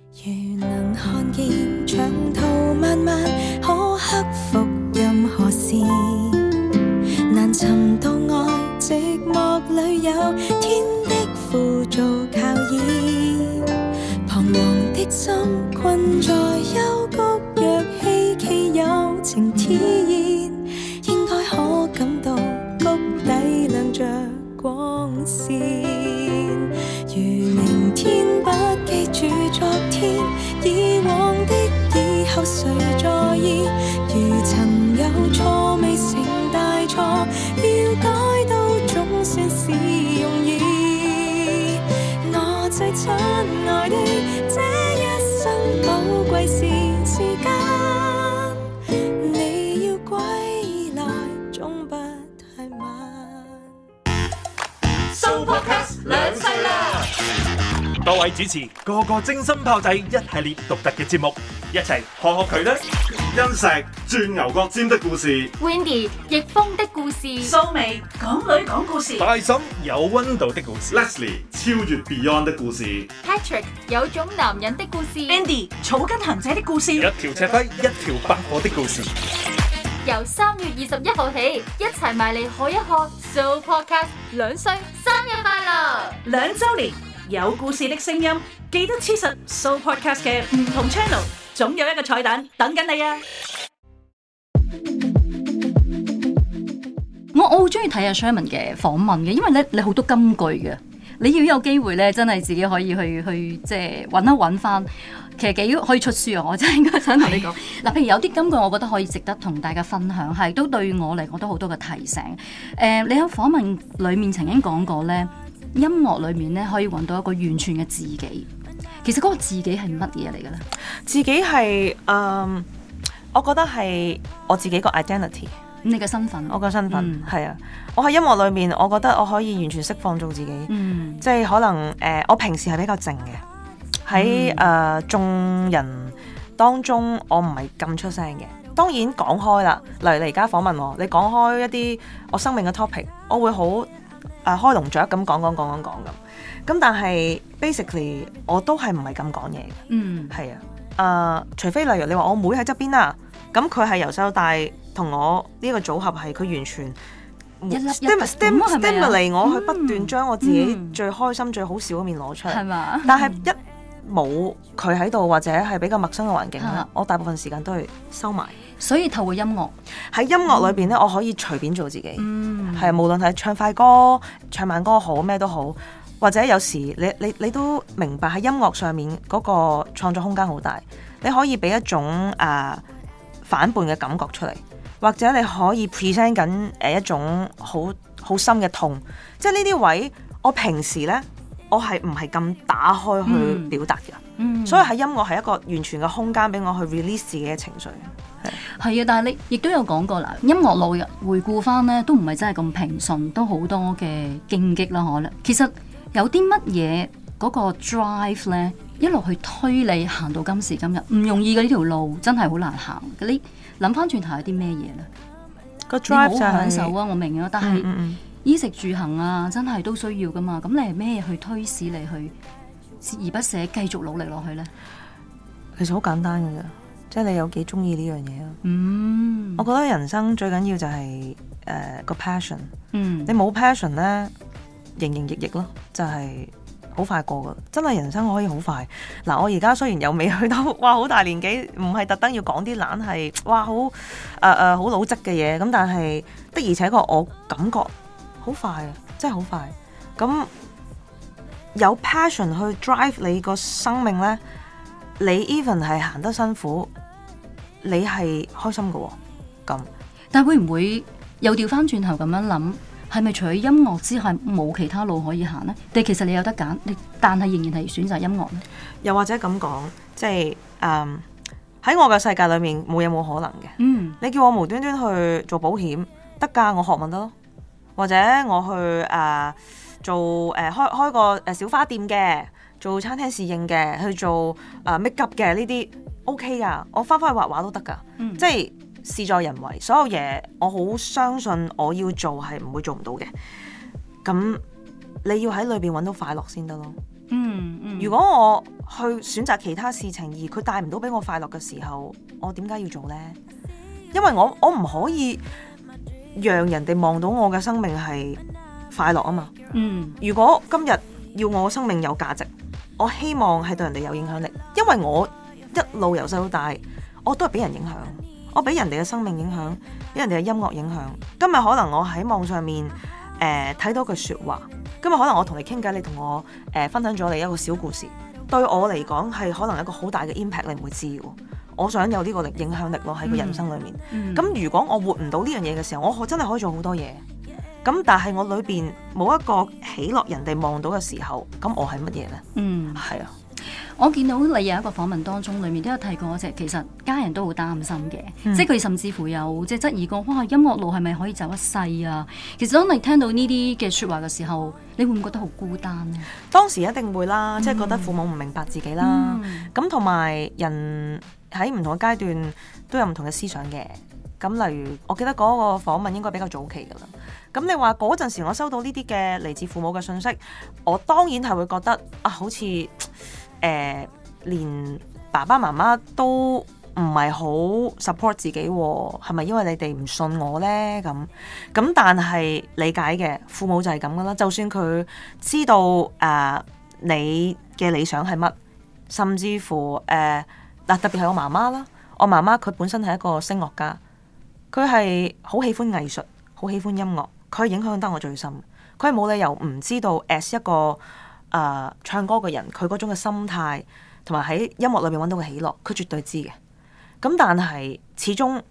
各位主持個個精心炮製一系列獨特嘅節目，一齊學學佢啦！甄石鑽牛角尖的故事，Windy 逆風的故事，蘇美港女講故事，大嬸有溫度的故事，Leslie 超越 Beyond 的故事，Patrick 有種男人的故事，Andy 草根行者的故事，一條赤雞一條白果的故事。由三月二十一號起，一齊埋嚟學一學 Sooopodcast，兩歲生日快樂，兩周年。有故事的聲音，記得黐實 Sooo Podcast 嘅唔同 channel，總有一個彩蛋等緊你啊！我我好中意睇阿 Sherman 嘅訪問嘅，因為咧你好多金句嘅，你要有機會咧，真係自己可以去去即係搵一搵翻，其實幾可以出書啊！我真係應該想同你講，嗱的，譬如有啲金句，我覺得可以值得同大家分享，係都對我嚟我都好多嘅提醒。誒、呃，你喺訪問裏面曾經講過咧。音樂裏面咧可以揾到一個完全嘅自己，其實嗰個自己係乜嘢嚟嘅咧？自己係誒、呃，我覺得係我自己個 identity，你嘅身份，我個身份係、嗯、啊。我喺音樂裏面，我覺得我可以完全釋放做自己，即係、嗯、可能誒、呃，我平時係比較靜嘅，喺誒、嗯呃、眾人當中，我唔係咁出聲嘅。當然講開啦，例如你而家訪問我，你講開一啲我生命嘅 topic，我會好。啊！開龍雀咁講講講講講咁，咁但係 basically 我都係唔係咁講嘢嘅，嗯，係啊，啊、呃，除非例如你話我妹喺側邊啦，咁佢係由細到大同我呢一個組合係，佢完全 stim stim stim stimulate 我，佢不斷將我自己最開心最好笑嗰面攞出嚟，係嘛吧？但係一冇佢喺度或者係比較陌生嘅環境咧，的我大部分時間都係收埋。所以透過音樂喺音樂裏邊咧，嗯、我可以隨便做自己，係、嗯、無論係唱快歌、唱慢歌好，好咩都好。或者有時你你你都明白喺音樂上面嗰個創作空間好大，你可以俾一種誒、啊、反叛嘅感覺出嚟，或者你可以 present 緊誒一種好好深嘅痛。即係呢啲位，我平時咧我係唔係咁打開去表達㗎？嗯嗯、所以喺音樂係一個完全嘅空間俾我去 release 自己嘅情緒。係啊，但係你亦都有講過啦，音樂路嘅回顧翻呢都唔係真係咁平順，都好多嘅荊棘啦，可能其實有啲乜嘢嗰個 drive 呢，一路去推你行到今時今日，唔容易嘅呢條路真係好難行。你諗翻轉頭有啲咩嘢呢？個 drive 好享受啊！就是、我明啊，但係衣、嗯嗯嗯、食住行啊，真係都需要噶嘛。咁你係咩去推使你去鍥而不捨繼續努力落去呢？其實好簡單嘅啫。即係你有幾中意呢樣嘢咯？嗯，mm. 我覺得人生最緊要就係誒個 passion。嗯、uh, pass，mm. 你冇 passion 咧，營營役役咯，就係、是、好快過噶。真係人生可以好快。嗱、啊，我而家雖然又未去到，哇，好大年紀，唔係特登要講啲懶係，哇，好誒誒，好老質嘅嘢。咁但係的而且確，我感覺好快啊，真係好快。咁有 passion 去 drive 你個生命咧。你 even 係行得辛苦，你係開心嘅，哦，咁。但係會唔會又調翻轉頭咁樣諗，係咪除咗音樂之外冇其他路可以行呢？但其實你有得揀，你但係仍然係選擇音樂呢？又或者咁講，即係誒，喺、嗯、我嘅世界裏面冇嘢冇可能嘅。嗯，你叫我無端端去做保險得噶？我學問得咯。或者我去誒、呃、做誒、呃、開開個誒小花店嘅。做餐廳侍應嘅，去做啊 makeup 嘅呢啲 OK 啊。我翻返去畫畫都得噶，嗯、即係事在人為，所有嘢我好相信我要做係唔會做唔到嘅。咁你要喺裏邊揾到快樂先得咯。嗯，如果我去選擇其他事情而佢帶唔到俾我快樂嘅時候，我點解要做呢？因為我我唔可以讓人哋望到我嘅生命係快樂啊嘛。嗯，如果今日要我生命有價值。我希望係對人哋有影響力，因為我一路由細到大，我都係俾人影響，我俾人哋嘅生命影響，俾人哋嘅音樂影響。今日可能我喺網上面誒睇到句説話，今日可能我同你傾偈，你同我誒、呃、分享咗你一個小故事，對我嚟講係可能一個好大嘅 impact，你唔會知嘅。我想有呢個影響力咯喺個人生裡面。咁、嗯嗯、如果我活唔到呢樣嘢嘅時候，我真係可以做好多嘢。咁但係我裏邊冇一個喜樂，人哋望到嘅時候，咁我係乜嘢呢？嗯，係啊。我見到你有一個訪問當中，裏面都有提過嗰隻，其實家人都好擔心嘅，嗯、即係佢甚至乎有即係質疑過，哇，音樂路係咪可以走一世啊？其實當你聽到呢啲嘅說話嘅時候，你會唔會覺得好孤單呢？當時一定會啦，即係、嗯、覺得父母唔明白自己啦。咁、嗯、同埋人喺唔同嘅階段都有唔同嘅思想嘅。咁例如，我記得嗰個訪問應該比較早期噶啦。咁你話嗰陣時，我收到呢啲嘅嚟自父母嘅信息，我當然係會覺得啊，好似誒、呃、連爸爸媽媽都唔係好 support 自己，哦，係咪因為你哋唔信我呢？咁咁但係理解嘅，父母就係咁噶啦。就算佢知道誒、呃、你嘅理想係乜，甚至乎誒嗱、呃、特別係我媽媽啦，我媽媽佢本身係一個聲樂家，佢係好喜歡藝術，好喜歡音樂。佢影響得我最深，佢係冇理由唔知道，as 一個誒、uh, 唱歌嘅人，佢嗰種嘅心態同埋喺音樂裏面揾到嘅喜樂，佢絕對知嘅。咁但係始終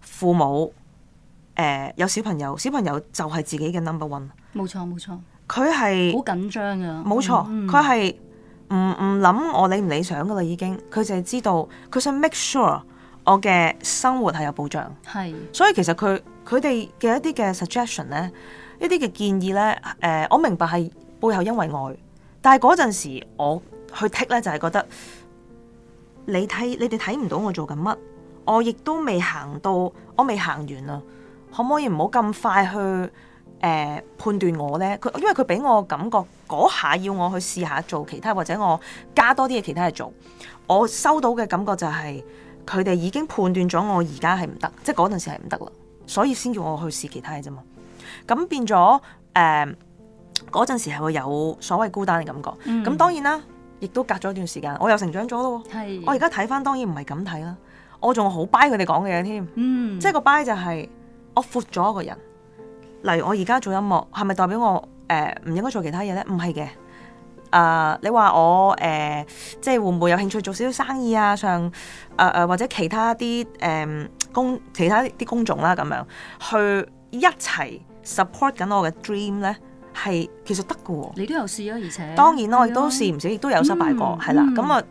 父母誒、uh, 有小朋友，小朋友就係自己嘅 number one，冇錯冇錯，佢係好緊張嘅，冇錯，佢係唔唔諗我理唔理想噶啦已經，佢淨係知道佢想 make sure。我嘅生活係有保障，係是，所以其實佢佢哋嘅一啲嘅 suggestion 咧，一啲嘅建議咧，誒、呃，我明白係背後因為愛，但係嗰陣時我去剔咧，就係覺得你睇你哋睇唔到我做緊乜，我亦都未行到，我未行完啊。可唔可以唔好咁快去誒、呃，判斷我咧？佢因為佢俾我感覺嗰下要我去試下做其他或者我加多啲嘢其他嘢做，我收到嘅感覺就係、是。佢哋已經判斷咗我而家係唔得，即係嗰陣時係唔得啦，所以先叫我去試其他嘢啫嘛。咁變咗誒，嗰、呃、陣時係會有所謂孤單嘅感覺。咁、嗯、當然啦，亦都隔咗一段時間，我又成長咗咯。是我而家睇返當然唔係咁睇啦，我仲好掰佢哋講嘅嘢添。嗯、即係個掰就係我闊咗一個人。例如我而家做音樂，係咪代表我誒唔、呃、應該做其他嘢呢？唔係嘅。啊！Uh, 你話我誒、呃，即係會唔會有興趣做少少生意啊？像誒誒或者其他啲誒工，其他啲工種啦咁樣，去一齊 support 緊我嘅 dream 咧，係其實得㗎、啊。你都有試啊，而且當然啦，的我亦都試唔少，亦都有失敗過，係啦。咁啊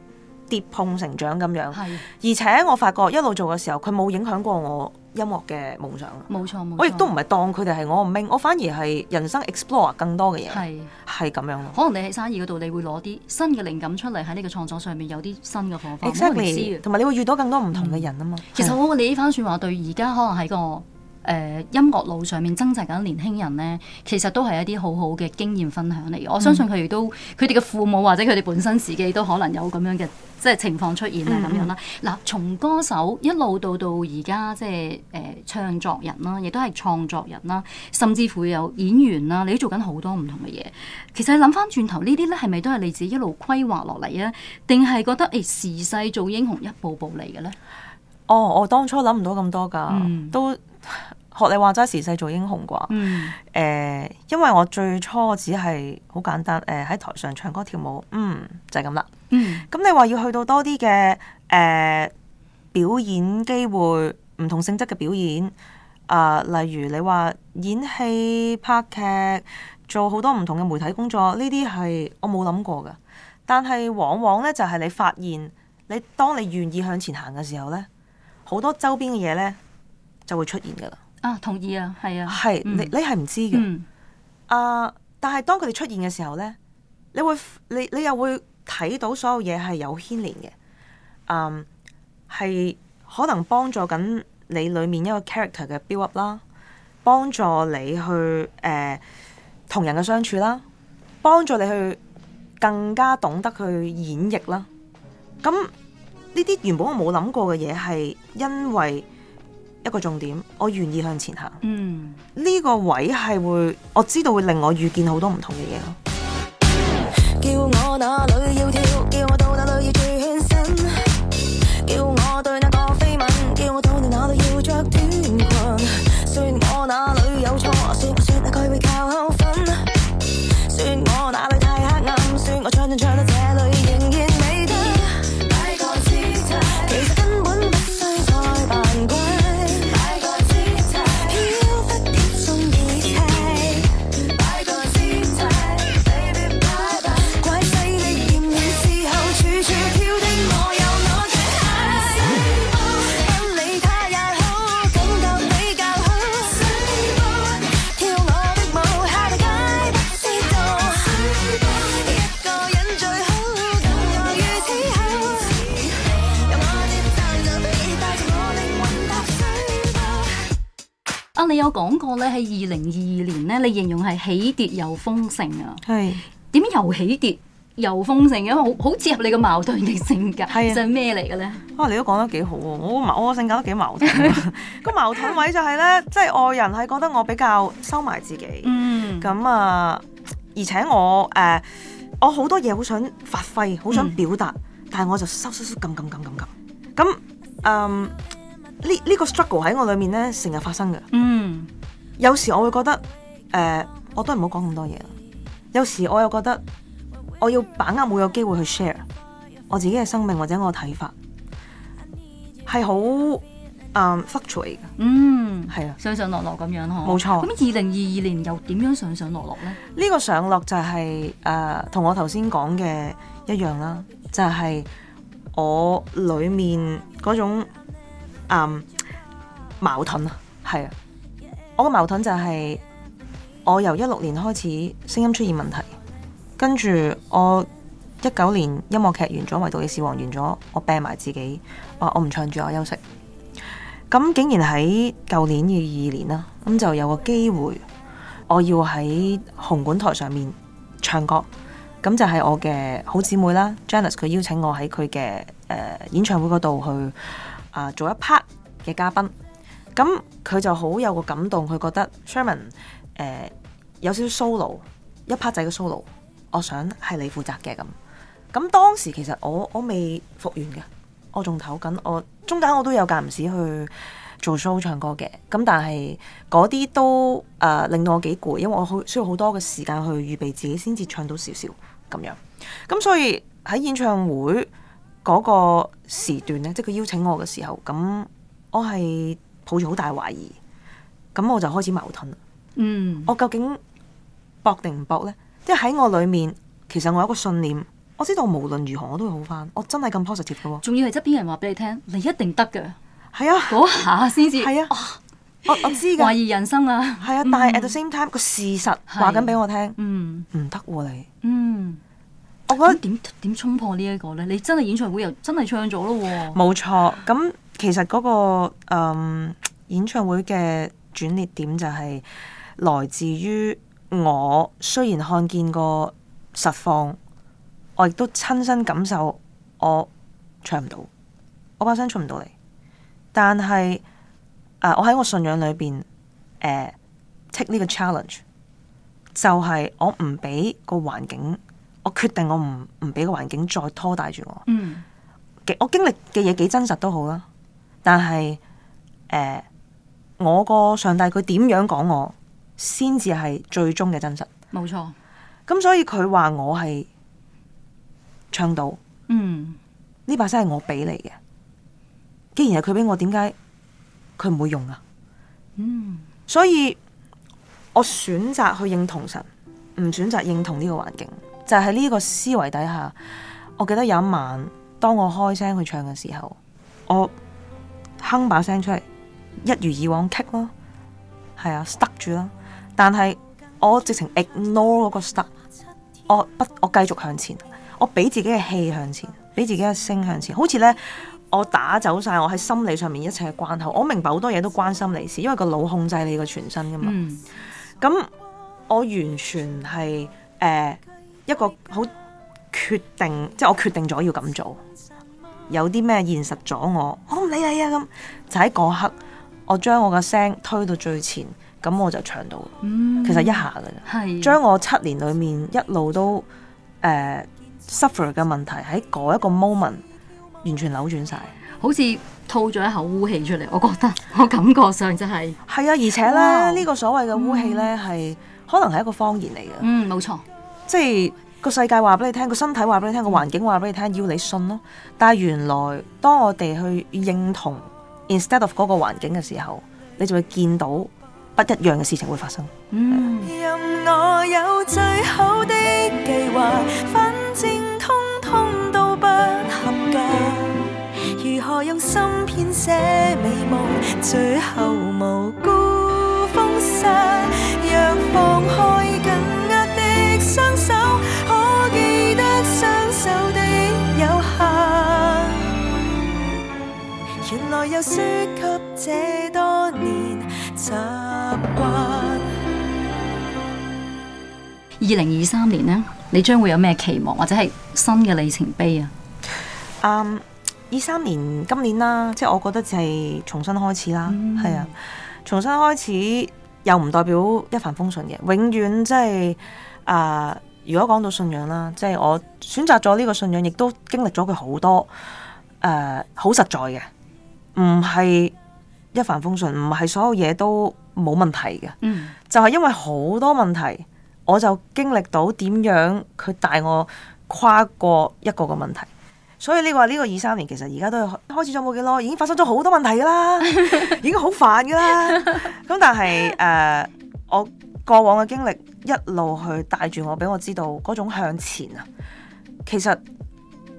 跌碰成長咁樣，的而且我發覺一路做嘅時候，佢冇影響過我。音樂嘅夢想冇錯，冇錯，錯我亦都唔係當佢哋係我嘅命，我反而係人生 explore 更多嘅嘢，係，係咁樣咯。可能你喺生意嗰度，你會攞啲新嘅靈感出嚟，喺呢個創作上面有啲新嘅火花。exactly 同埋你會遇到更多唔同嘅人啊、嗯、嘛。其實我的你呢番說話對而家可能係個。誒、呃、音樂路上面掙扎緊年輕人呢，其實都係一啲好好嘅經驗分享嚟。嗯、我相信佢哋都佢哋嘅父母或者佢哋本身自己都可能有咁樣嘅即係情況出現係咁、嗯、樣啦。嗱，從歌手一路到到而家即係誒、呃、唱作人啦，亦都係創作人啦，甚至乎有演員啦，你都做緊好多唔同嘅嘢。其實諗返轉頭，呢啲呢，係咪都係你自己一路規劃落嚟啊？定係覺得誒時勢造英雄，一步步嚟嘅呢？哦，我當初諗唔到咁多㗎，嗯、都。學你話齋時勢做英雄啩？誒、mm. 呃，因為我最初只係好簡單，誒、呃、喺台上唱歌跳舞，嗯，就係咁啦。Mm. 嗯。咁你話要去到多啲嘅誒表演機會，唔同性質嘅表演啊、呃，例如你話演戲、拍劇，做好多唔同嘅媒體工作，呢啲係我冇諗過噶。但係往往呢，就係、是、你發現，你當你願意向前行嘅時候呢，好多周邊嘅嘢，呢就會出現噶啦。啊，同意啊，係啊，係你你係唔知嘅，啊、嗯，uh, 但係當佢哋出現嘅時候咧，你會你你又會睇到所有嘢係有牽連嘅，嗯，係可能幫助緊你裏面一個 character 嘅 build up 啦，幫助你去誒同、uh, 人嘅相處啦，幫助你去更加懂得去演繹啦，咁呢啲原本我冇諗過嘅嘢係因為。一個重點，我願意向前行。嗯，呢個位係會，我知道會令我遇見好多唔同嘅嘢咯。嗯，叫我啊！你有講過咧，喺二零二二年咧，你形容係起跌又豐盛啊。係點又起跌又豐盛嘅？因為好好似合你嘅矛盾嘅性格，係就係咩嚟嘅咧？啊！你都講得幾好喎！我矛我性格都幾矛盾，個矛盾位就係咧，即係外人係覺得我比較收埋自己，嗯，咁啊，而且我誒，我好多嘢好想發揮，好想表達，但係我就收收收咁咁咁咁咁咁，咁嗯。呢呢個 struggle 喺我裏面咧成日發生嘅，嗯，有時我會覺得誒、呃，我都唔好講咁多嘢，有時我又覺得我要把握每個機會去 share 我自己嘅生命或者我嘅睇法，係好誒 fluctuate 嘅，um, 嗯，係啊的，上上落落咁樣嗬，冇錯。咁二零二二年又點樣上上落落咧？呢個上落就係誒同我頭先講嘅一樣啦，就係、是、我裏面嗰種。嗯，um, 矛盾啊，係啊，我個矛盾就係、是、我由一六年開始聲音出現問題，跟住我一九年音樂劇完咗，惟獨祢是王完咗，我病埋自己，我唔唱住我休息。咁竟然喺舊年二二年啦，咁就有個機會，我要喺紅館台上面唱歌，咁就係我嘅好姊妹啦，Janice 佢邀請我喺佢嘅誒演唱會嗰度去。啊，做一 part 嘅嘉賓，咁佢就好有個感動，佢覺得 Sherman 誒、呃、有少少 solo，一 part 仔嘅 solo，我想係你負責嘅咁。咁當時其實我我未復原嘅，我仲唞緊，我中間我都有間唔時去做 show 唱歌嘅，咁但係嗰啲都誒、呃、令到我幾攰，因為我好需要好多嘅時間去預備自己先至唱到少少咁樣。咁所以喺演唱會，嗰個時段咧，即係佢邀請我嘅時候，咁我係抱住好大懷疑，咁我就開始矛盾。嗯，我究竟搏定唔搏呢？即係喺我裏面，其實我有一個信念，我知道我無論如何我都會好翻。我真係咁 positive 嘅。仲要係側邊人話俾你聽，你一定得嘅。係啊，嗰下先至係啊。我我知懷疑人生啊。係啊，但係 at the same time 個事實話緊俾我聽，啊，嗯，唔得喎你，嗯。嗯我覺得點點、嗯、衝破呢一個呢？你真係演唱會又真係唱咗咯喎！冇錯，咁其實嗰、嗰個、嗯、演唱會嘅轉捩點就係來自於我雖然看見過實況，我亦都親身感受我唱唔到，我把聲唱唔到嚟。但係、呃、我喺我信仰裏邊、呃、take 呢個 challenge，就係我唔俾個環境。我決定我唔唔俾個環境再拖帶住我。嗯，我經歷嘅嘢，幾真實都好啦，但係誒、呃，我個上帝佢點樣講我，先至係最終嘅真實。冇錯。咁所以佢話我係唱到，嗯，呢把聲係我俾你嘅。既然係佢俾我，點解佢唔會用啊？嗯，所以我選擇去認同神，唔選擇認同呢個環境。就喺呢個思維底下，我記得有一晚，當我開聲去唱嘅時候，我哼把聲出嚟，一如以往 kick 咯，係啊，stuck 住咯。但係我直情 ignore 嗰個 stuck，我不，我繼續向前，我俾自己嘅氣向前，俾自己嘅聲向前，好似咧我打走晒我喺心理上面一切嘅關口。我明白好多嘢都關心你，事因為個腦控制你個全身噶嘛。咁、嗯、我完全係誒。呃一個好決定，即係我決定咗要咁做。有啲咩現實阻我，我唔理你啊！咁就喺嗰刻，我將我嘅聲推到最前，咁我就唱到。嗯、其實一下噶啫，將是我七年裏面一路都誒、呃、suffer 嘅問題喺嗰一個 moment 完全扭轉晒，好似吐咗一口烏氣出嚟。我覺得我感覺上真係係啊，而且咧呢、哦、個所謂嘅烏氣呢，係、嗯、可能係一個方言嚟嘅。嗯，冇錯。即係個世界話俾你聽，個身體話俾你聽，個環境話俾你聽，要你信咯。但係原來當我哋去認同，instead of 嗰個環境嘅時候，你就會見到不一樣嘅事情會發生。Mm. 的任我有最好的計劃，反正通通都不合格。如何用心編寫美夢，最後無辜封殺，讓放開更。原來又輸給這多年習慣。二零二三年呢，你將會有咩期望或者係新嘅里程碑啊？um, 二三年今年啦，即係我覺得就係重新開始啦，係、mm. 啊，重新開始又唔代表一帆風順嘅，永遠即係啊。如果講到信仰啦，即、就、係、是、我選擇咗呢個信仰，亦都經歷咗佢好多誒，好、呃、實在嘅。唔係一帆風順，唔係所有嘢都冇問題嘅，嗯、就係因為好多問題，我就經歷到點樣佢帶我跨過一個個問題，所以呢個呢個二三年其實而家都係開始咗冇幾耐，已經發生咗好多問題噶啦， 已經好煩噶啦，咁但係誒、uh, 我過往嘅經歷一路去帶住我，俾我知道嗰種向前啊，其實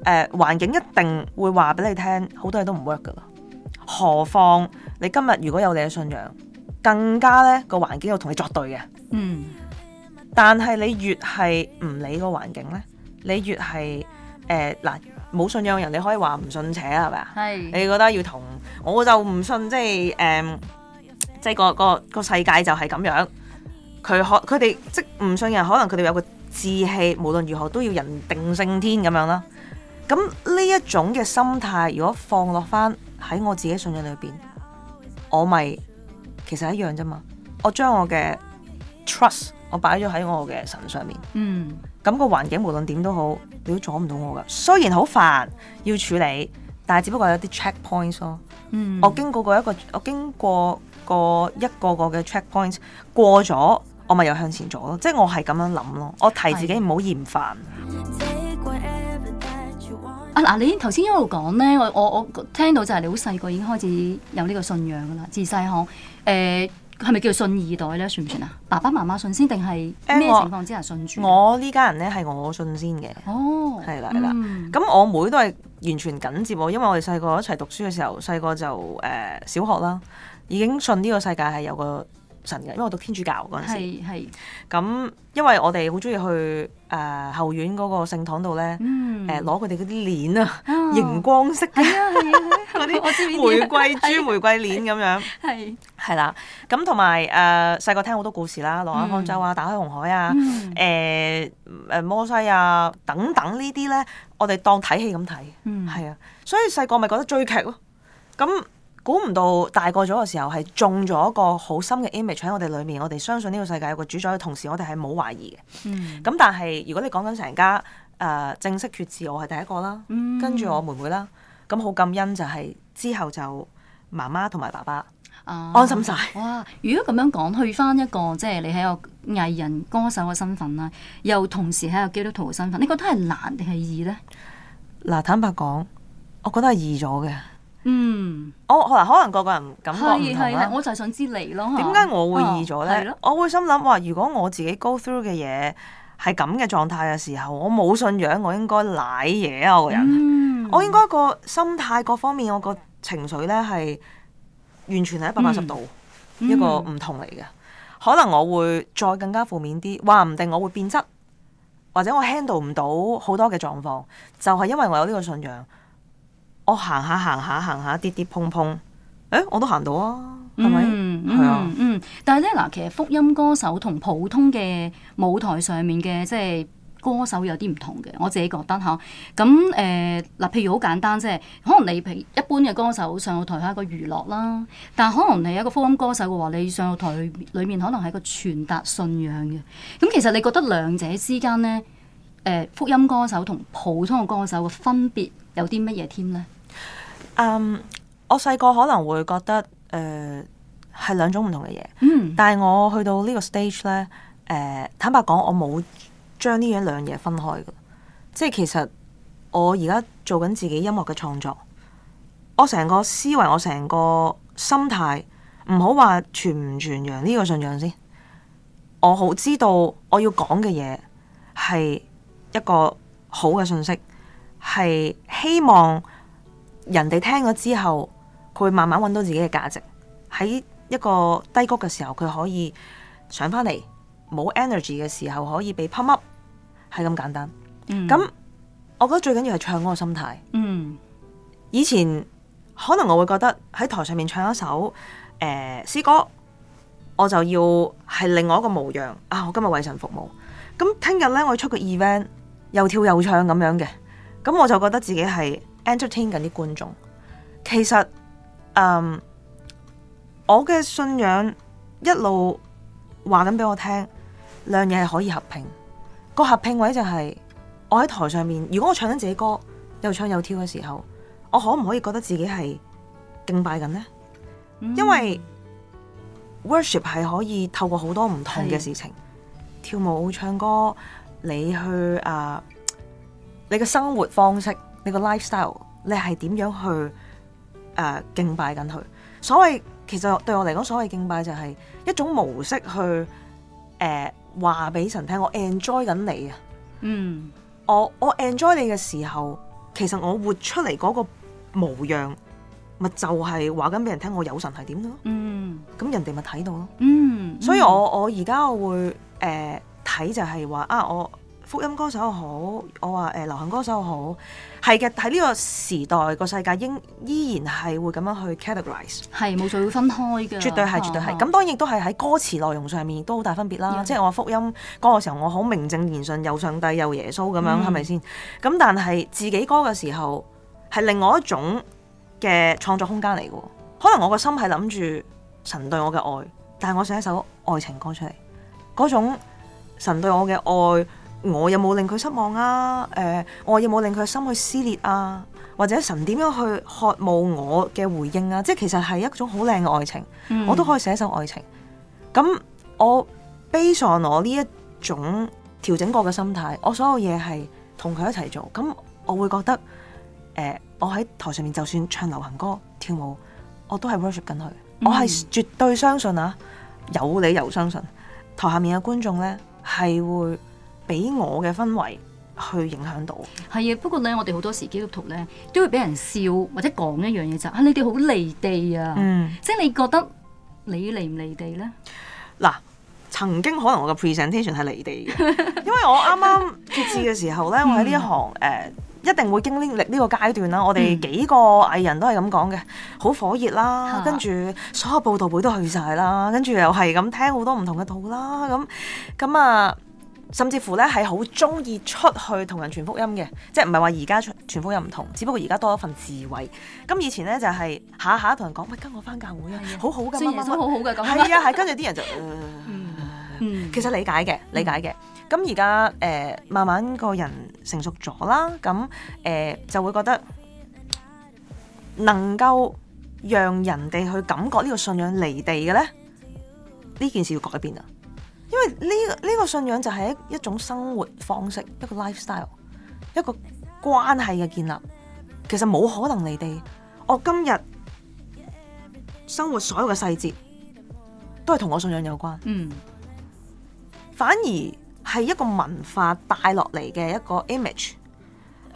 誒環、uh, 境一定會話俾你聽，好多嘢都唔 work 噶啦。何況你今日如果有你嘅信仰，更加咧個環境要同你作對嘅。嗯，但係你越係唔理個環境咧，你越係誒嗱冇信仰人，你可以話唔信邪係咪啊？係是你覺得要同我就唔信，即係誒、嗯、即係個個個世界就係咁樣。佢可佢哋即唔信人，可能佢哋有個志氣，無論如何都要人定勝天咁樣啦。咁呢一種嘅心態，如果放落翻。喺我自己信仰裏邊，我咪其實一樣啫嘛。我將我嘅 trust 我擺咗喺我嘅神上面。嗯，咁個環境無論點都好，你都阻唔到我噶。雖然好煩要處理，但係只不過有啲 checkpoints 咯，哦。嗯，我經過一、那個，我經過個一個個嘅 checkpoints 過咗，我咪又向前咗咯。即係我係咁樣諗咯。我提自己唔好嫌煩。哎啊嗱，你頭先一路講咧，我我我聽到就係你好細個已經開始有呢個信仰噶啦，自細學誒係咪叫做信二代咧？算唔算啊？爸爸媽媽信先定係咩情況之下信住我？我呢家人咧係我信先嘅。哦，係啦係啦。咁、嗯、我妹都係完全緊接我，因為我哋細個一齊讀書嘅時候，細個就誒、呃、小學啦，已經信呢個世界係有個神嘅，因為我讀天主教嗰陣時，咁，因為我哋好鍾意去誒後院嗰個聖堂度咧，誒攞佢哋嗰啲鏈啊，熒光色嘅嗰啲我知，玫瑰珠、玫瑰鏈咁樣，係係啦。咁同埋誒細個聽好多故事啦，《羅亞方舟》啊，《打開紅海》啊，誒誒摩西啊等等呢啲咧，我哋當睇戲咁睇，嗯，係啊，所以細個咪覺得追劇咯，咁。估唔到大個咗嘅時候，係中咗一個好深嘅 image 喺我哋裏面。我哋相信呢個世界有個主宰，同時我哋係冇懷疑嘅。咁、嗯、但係如果你講緊成家，誒、呃、正式決志，我係第一個啦，跟住我妹妹啦。咁好、嗯、感恩就係、是、之後就媽媽同埋爸爸、啊、安心晒。哇、啊！如果咁樣講，去翻一個即係、就是、你喺個藝人歌手嘅身份啦，又同時喺個基督徒嘅身份，你覺得係難定係易呢？嗱、啊，坦白講，我覺得係易咗嘅。嗯，我嗱、oh, okay, 可能個個人感覺唔同啦，我就係想知你咯。點解我會易咗咧？哦、我會心諗哇，如果我自己 go through 嘅嘢係咁嘅狀態嘅時候，我冇信仰，我應該賴嘢啊！我個人，嗯、我應該個心態各方面，我個情緒咧係完全係一百八十度一個唔同嚟嘅。嗯嗯、可能我會再更加負面啲，話唔定我會變質，或者我 handle 唔到好多嘅狀況，就係、是、因為我有呢個信仰。我行下行下行下跌跌碰碰，誒，我都行到啊，係咪？係啊，嗯。但係咧，嗱，其實福音歌手同普通嘅舞台上面嘅即係歌手有啲唔同嘅，我自己覺得吓。咁誒，嗱，譬如好簡單，即係可能你譬一般嘅歌手上到台係一個娛樂啦，但係可能你有一個福音歌手嘅話，你上到台裏面可能係個傳達信仰嘅。咁其實你覺得兩者之間咧，誒，福音歌手同普通嘅歌手嘅分別有啲乜嘢添咧？Um, 我細個可能會覺得誒係兩種唔同嘅嘢，mm. 但係我去到呢個 stage 呢，呃，坦白講我冇將呢樣兩嘢分開噶，即係其實我而家做緊自己音樂嘅創作，我成個思維我成個心態，唔好話傳唔傳揚呢個信仰先，我好知道我要講嘅嘢係一個好嘅信息，係希望。人哋聽咗之後，佢會慢慢揾到自己嘅價值。喺一個低谷嘅時候，佢可以上返嚟，冇 energy 嘅時候可以被 pump up，係咁簡單。咁、mm hmm.，我覺得最緊要係唱嗰個心態。嗯、mm，hmm. 以前可能我會覺得喺台上面唱一首誒詩、呃、歌，我就要係另外一個模樣。啊，我今日為神服務。咁聽日呢，我會出個 event，又跳又唱咁樣嘅，咁我就覺得自己係 entertain 緊啲觀眾，其實，嗯、um，我嘅信仰一路話緊俾我聽，兩嘢係可以合拼。個合拼位就係我喺台上面，如果我唱緊自己歌，又唱又跳嘅時候，我可唔可以覺得自己係敬拜緊呢？Mm. 因為 worship 係可以透過好多唔同嘅事情，是跳舞、唱歌，你去啊，uh, 你嘅生活方式。你個 lifestyle，你係點樣去誒、呃、敬拜緊佢？所謂其實對我嚟講，所謂敬拜就係一種模式去誒話俾神聽，我 enjoy 緊你啊！嗯，我我 enjoy 你嘅時候，其實我活出嚟嗰個模樣，咪就係話緊俾人聽，我有神係點咯。嗯，咁人哋咪睇到咯。嗯，所以我我而家我會誒睇、呃、就係話啊我。福音歌手好，我話誒流行歌手好，係嘅。喺呢個時代、這個世界應，應依然係會咁樣去 categorize，係冇錯，會分開嘅。絕對係，啊、絕對係。咁當然亦都係喺歌詞內容上面都好大分別啦。嗯、即係我話福音歌嘅時候，我好名正言順又上帝又耶穌咁樣，係咪先？咁但係自己歌嘅時候，係另外一種嘅創作空間嚟嘅。可能我個心係諗住神對我嘅愛，但係我寫一首愛情歌出嚟，嗰種神對我嘅愛。我有冇令佢失望啊？誒、呃，我有冇令佢心去撕裂啊？或者神點樣去渴慕我嘅回應啊？即係其實係一種好靚嘅愛情，嗯、我都可以寫一首愛情。咁、嗯、我悲 a 我呢一種調整過嘅心態，我所有嘢係同佢一齊做，咁、嗯、我會覺得誒、呃，我喺台上面就算唱流行歌、跳舞，我都係 worship 緊佢。嗯、我係絕對相信啊，有理由相信台下面嘅觀眾咧係會。俾我嘅氛圍去影響到，係啊。不過咧，我哋好多時基督徒咧都會俾人笑，或者講一樣嘢，就係你哋好離地啊。嗯，即係你覺得你離唔離地咧？嗱、嗯，曾經可能我嘅 presentation 係離地嘅， 因為我啱啱決志嘅時候咧， 嗯、我喺呢一行誒、呃，一定會經歷呢個階段個啦。我哋幾個藝人都係咁講嘅，好火熱啦，跟住所有佈道會都去晒啦，跟住又係咁聽好多唔同嘅道啦，咁咁啊～、嗯嗯嗯嗯嗯甚至乎咧係好鍾意出去同人傳福音嘅，即係唔係話而家傳福音唔同，只不過而家多一份智慧。咁以前咧就係下下同人講，喂，跟我返教會啊，啊好好嘅，先人好好嘅講翻，係 啊係。跟住啲人就，呃、 嗯，嗯，其實理解嘅理解嘅。咁而家誒慢慢個人成熟咗啦，咁誒、呃、就會覺得能夠讓人哋去感覺呢個信仰離地嘅咧，呢件事要改變啊！因為呢、呢個呢、呢個信仰就係一一種生活方式，一個 lifestyle，一個關係嘅建立，其實冇可能離地，我今日生活所有嘅細節，都係同我信仰有關。嗯。反而係一個文化帶落嚟嘅一個 image，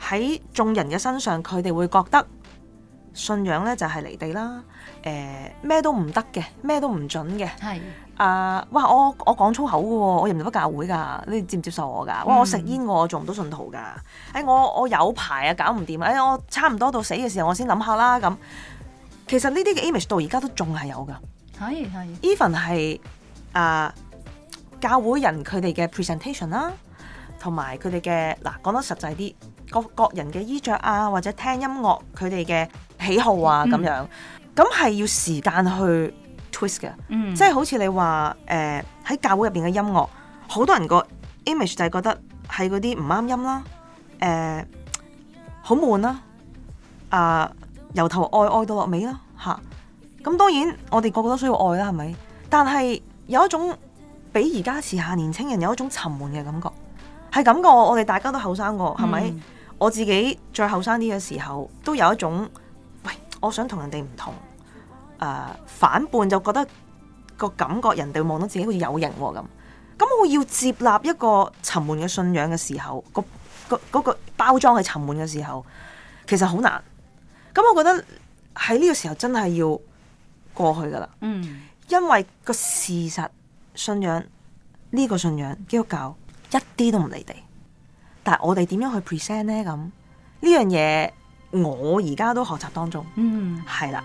喺眾人嘅身上，佢哋會覺得信仰呢就係、是、離地啦，誒、呃、咩都唔得嘅，咩都唔准嘅。係。啊！Uh, 哇！我我講粗口嘅，我，我入唔到教會噶，你接唔接受我噶？嗯、哇！我食煙嘅，我做唔到信徒噶。哎，我我有排啊，搞唔掂啊！哎，我差唔多到死嘅時候，我先諗下啦。咁其實呢啲嘅 image 到而家都仲係有噶，係係 even 係啊、uh, 教會人佢哋嘅 presentation 啦、啊，同埋佢哋嘅嗱講得實際啲，各個人嘅衣着啊，或者聽音樂佢哋嘅喜好啊，咁、嗯、樣咁係要時間去。twist 噶，嗯、即係好似你話誒喺教會入邊嘅音樂，好多人個 image 就係覺得係嗰啲唔啱音啦，誒、呃、好悶啦，啊、呃、由頭愛愛到落尾啦吓，咁當然我哋個個都需要愛啦，係咪？但係有一種比而家時下年青人有一種沉悶嘅感覺，係感噶我哋大家都後生過，係咪、嗯？我自己再後生啲嘅時候，都有一種喂，我想同人哋唔同。誒、啊，反叛就覺得個感覺，人哋望到自己好似有型咁，哦，咁我要接納一個沉悶嘅信仰嘅時候，個個個，個包裝係沉悶嘅時候，其實好難。咁我覺得喺呢個時候真係要過去噶啦。嗯，因為個事實，信仰呢、呢個信仰，基督教一啲都唔離地，但係我哋點樣去 present 呢？咁呢樣嘢，我而家都學習當中。嗯，係啦。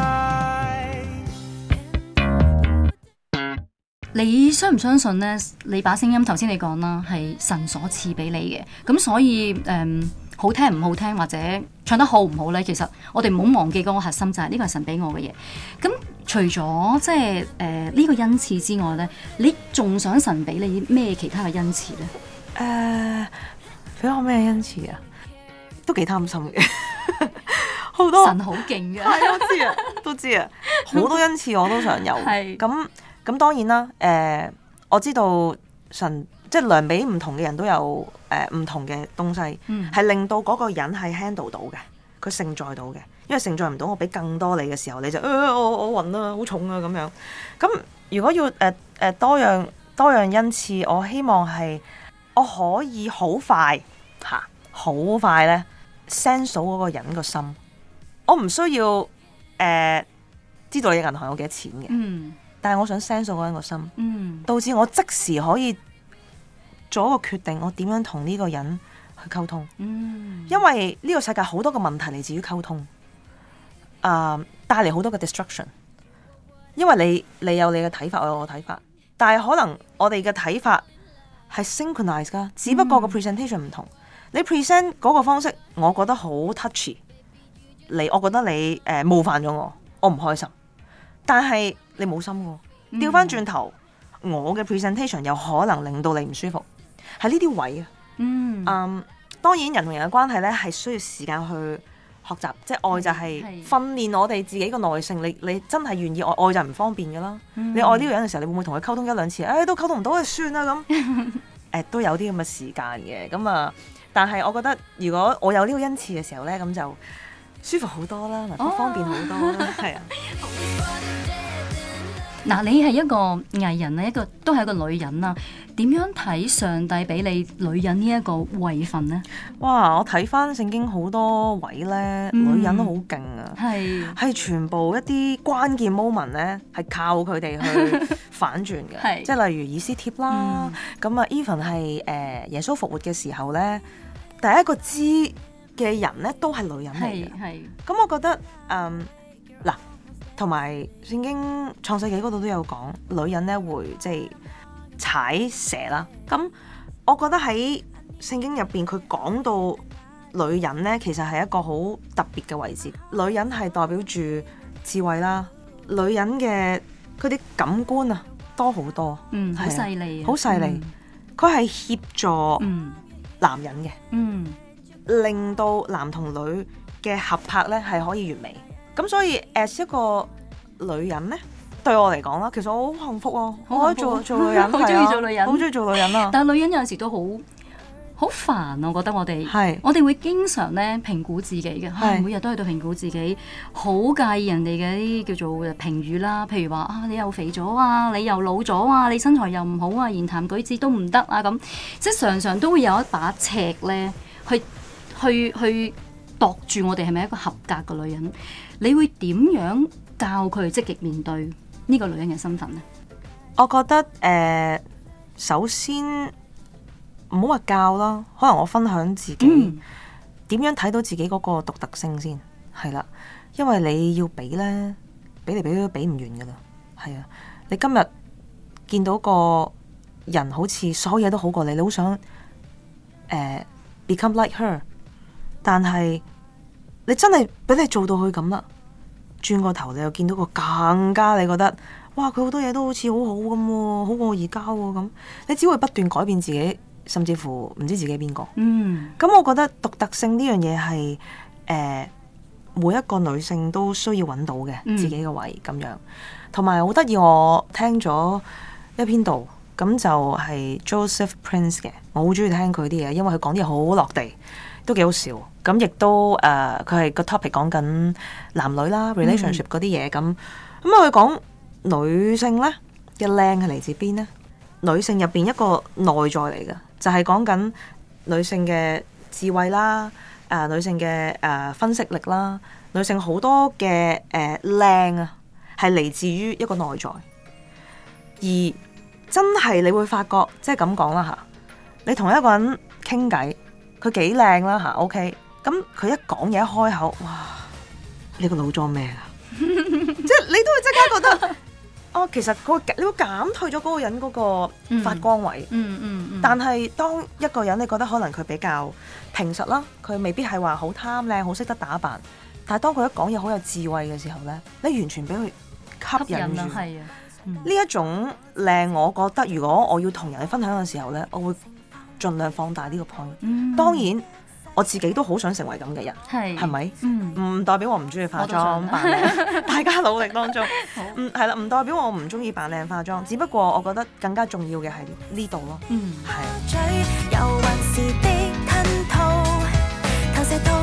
你相唔相信呢？你把聲音頭先你講啦，係神所賜俾你嘅。咁所以誒、嗯，好聽唔好聽，或者唱得好唔好呢？其實我哋唔好忘記嗰個核心就係、是、呢個係神俾我嘅嘢。咁除咗即係誒呢個恩賜之外呢，你仲想神俾你咩其他嘅恩賜呢？誒、呃，俾我咩恩賜啊？都幾貪心嘅， 好多神好勁嘅，係、 哎、我知啊，都知啊，好多恩賜我都想有，咁 是。咁當然啦，誒、呃，我知道神即係量俾唔同嘅人都有誒唔、呃、同嘅東西，係、嗯、令到嗰個人係 handle 到嘅，佢承載到嘅。因為承載唔到，我俾更多你嘅時候，你就誒、欸、我我，我暈啦，好重啊咁樣。咁如果要誒誒、呃呃、多樣多樣恩賜，我希望係我可以好快嚇好、啊、快咧 send 到嗰個人個心，我唔需要誒、呃、知道你嘅銀行有幾多錢嘅。嗯。但係我想 send 到嗰個人嘅心，mm. 導致我即時可以做一個決定，我點樣同呢個人去溝通？Mm. 因為呢個世界好多嘅問題嚟自於溝通，啊、呃，帶嚟好多嘅 destruction。因為你你有你嘅睇法，我有我睇法，但係可能我哋嘅睇法係 synchronized 噶，只不過個 presentation 唔同。Mm. 你 present 嗰個方式，我覺得好 touchy。你，我覺得你誒、呃、冒犯咗我，我唔開心。但係。你冇心喎，調翻轉頭，我嘅 presentation 有可能令到你唔舒服，喺呢啲位啊。嗯，嗯，um, 當然人同人嘅關係呢係需要時間去學習，即係愛就係訓練我哋自己嘅耐性。你你真係願意愛，愛就唔方便㗎啦。嗯、你愛呢個人嘅時候，你會唔會同佢溝通一兩次？誒、哎，都溝通唔到，就算啦，咁、 哎。都有啲咁嘅時間嘅，咁啊，但係我覺得，如果我有呢個恩賜嘅時候呢，咁就舒服好多啦，同埋方便好多啦，係啊、哦。 嗱，你係一個藝人啊，一個都係一個女人啊，點樣睇上帝俾你女人呢一個位份呢？哇！我睇翻聖經好多位咧，嗯、女人都好勁啊，係是全部一啲關鍵 moment 咧，係靠佢哋去反轉嘅， 是即係例如以斯帖啦，咁啊 even 係誒耶穌復活嘅時候咧，第一個知嘅人咧都係女人嚟嘅，咁我覺得嗯。同埋聖經創世紀嗰度都有講，女人咧會即係踩蛇啦。咁、嗯、我覺得喺聖經入邊，佢講到女人咧，其實係一個好特別嘅位置。女人係代表住智慧啦，女人嘅佢啲感官啊多好多，嗯，好犀利，好犀利，佢係、嗯、協助男人嘅、嗯，嗯，令到男同女嘅合拍咧係可以完美。咁所以，as 一個女人咧，對我嚟講啦，其實我好幸福啊，好、啊、可以做做女人，係好鍾意做女人，好鍾意做女人啊。但女人有時都好好煩啊，我覺得我哋係，是我哋會經常咧評估自己嘅，係是，每日都喺度評估自己，好介意人哋嘅啲叫做評語啦，譬如話啊，你又肥咗啊，你又老咗啊，你身材又唔好啊，言談舉止都唔得啊，咁即係常常都會有一把尺咧，去去去。去去去度住我哋係咪一個合格嘅女人？你會點樣教佢積極面對呢個女人嘅身份呢？我覺得誒、呃，首先唔好話教啦，可能我分享自己點、嗯、樣睇到自己嗰個獨特性先係啦。因為你要俾呢，俾嚟俾去都俾唔完噶啦。係啊，你今日見到個人好似所有嘢都好過你，你好想、呃、become like her，但係。你真係俾你做到佢咁啦，轉個頭你又見到個更加，你覺得哇佢好多嘢都好似好好咁，好過我而家喎咁。你只會不斷改變自己，甚至乎唔知自己係邊個。嗯，咁、嗯、我覺得獨特性呢樣嘢係誒每一個女性都需要揾到嘅自己嘅位咁樣。同埋好得意，我聽咗一篇度咁就係 Joseph Prince 嘅，我好中意聽佢啲嘢，因為佢講啲嘢好落地。都幾好笑，咁、嗯、亦都誒，佢、呃、係個 topic 講緊男女啦，relationship 嗰啲嘢，咁咁啊，佢講女性咧嘅靚係嚟自邊呢？女性入邊一個內在嚟嘅，就係講緊女性嘅智慧啦，誒、呃，女性嘅誒、呃、分析力啦，女性好多嘅誒靚啊，係、呃、嚟自於一個內在。而真係你會發覺，即係咁講啦吓，你同一個人傾偈。佢幾靚啦吓 OK 咁佢一講嘢一開口，哇！你個腦裝咩啊？即係你都會即刻覺得，哦，其實佢你會減退咗嗰個人嗰個發光位。嗯嗯。嗯嗯，但係當一個人你覺得可能佢比較平實啦，佢未必係話好貪靚，好識得打扮。但係當佢一講嘢好有智慧嘅時候咧，你完全俾佢吸引住。係啊。呢、嗯、一種靚，我覺得如果我要同人哋分享嘅時候咧，我會。盡量放大呢個 point，、嗯、當然我自己都好想成為咁嘅人，係咪？唔代表我唔鍾意化妝，大家努力當中。好嗯，係啦，唔代表我唔鍾意扮靚化妝，只不過我覺得更加重要嘅係呢度咯。嗯，係是。嗯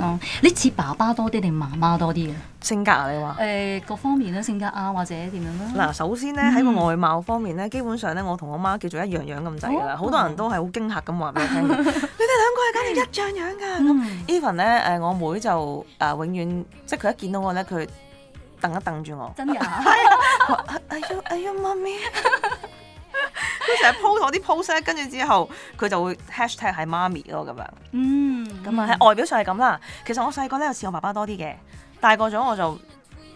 哦，你似爸爸多啲定媽媽多啲嘅性格啊？你話誒各方面咧性格啊，或者點樣咧、啊？嗱、啊，首先咧喺、嗯、外貌方面咧，基本上咧我同我媽叫做一樣樣咁滯噶啦，好、哦、多人都係好驚嚇咁話俾你聽， 你哋兩個係梗係一樣樣㗎。Even 咧誒我妹就誒、啊、永遠即係佢一見到我咧，佢瞪一瞪住我。我真㗎？係、 啊。哎呦哎呦，媽咪。佢成日 po 我啲 post，跟住之後佢就會 hashtag 係媽咪咯咁樣。嗯，咁啊喺外表上係咁啦。其實我細個咧有似我爸爸多啲嘅，大個咗我就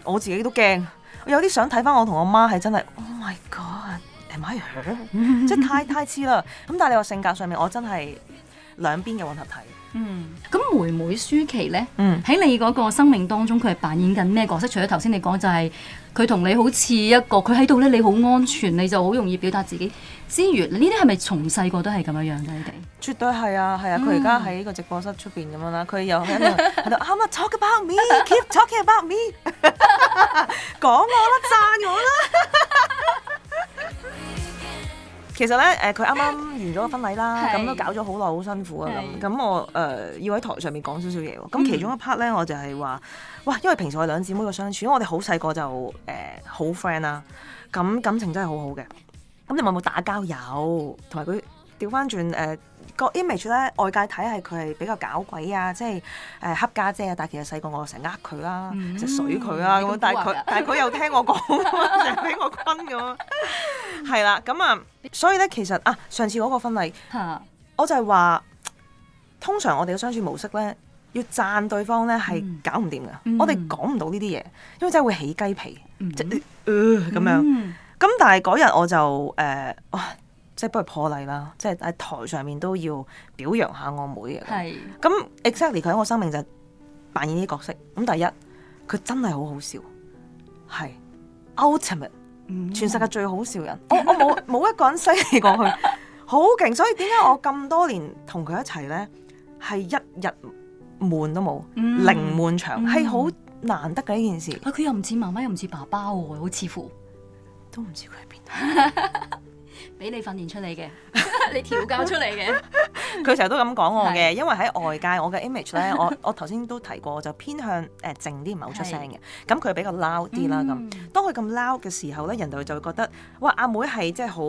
我自己都驚。有啲想睇翻我同我媽係真係 oh my god，am I 係咪啊？ 即係太太似啦。咁但係你話性格上面，我真係兩邊嘅混合體。嗯，咁妹妹舒祺咧，嗯，喺你嗰個生命當中，佢係扮演緊咩角色？除咗頭先你講就係、是。佢同你好似一個，佢喺度咧，你好安全，你就好容易表達自己。之餘，呢啲係咪從細個都係咁樣樣嘅？你哋絕對係啊，係啊！佢而家喺個直播室出邊咁樣啦，佢又喺度喺度，啱啊，talk about me，keep talking about me，講 我啦，讚我啦。 其實咧，誒佢啱啱完咗婚禮啦，咁 都搞咗好耐，好辛苦啊咁。咁 我誒、呃、要喺台上面講少少嘢喎。咁其中一 part 咧，我就係話，哇，因為平時我哋兩姊妹個相處，因為我哋好細個就誒、呃、好 friend 啦、啊，咁感情真係好好嘅。咁你問有冇打交友，同埋嗰調翻轉誒個 image 咧，外界睇係佢係比較搞鬼啊，即係誒黑家姐啊。但係其實細個我成日呃佢啦，成水佢啦。但係佢但係佢又聽我講，成日俾我坤咁。係啦，咁啊，所以咧其實啊，上次嗰個婚禮，我就係話，通常我哋嘅相處模式咧，要讚對方咧係搞唔掂㗎，我哋講唔到呢啲嘢，因為真係會起雞皮，即係呃咁樣。咁但係嗰日我就誒哇！即係不如破例啦！即係喺台上面都要表揚下我妹嘅。係咁是，Exactly 佢喺我生命就扮演呢啲角色。咁第一，佢真係好好笑，係 ultimate、嗯、全世界最好笑人。我我冇冇一個人犀利過佢，好勁。 所以點解我咁多年同佢一齊咧，係一日悶都冇，嗯、零悶場，係好、嗯、難得嘅呢件事。佢、啊、又唔似媽媽，又唔似爸爸喎、哦，好似乎都唔知佢喺邊。 俾你訓練出嚟嘅， 你調教出嚟嘅。佢成日都咁講我嘅，是因為喺外界我嘅 image 咧，我呢我頭先都提過，就偏向誒、呃、靜啲，唔係好出聲嘅。咁佢是比較 loud 啲啦，咁、嗯、當佢咁 loud 嘅時候咧，人哋就會覺得，哇，阿妹係即係好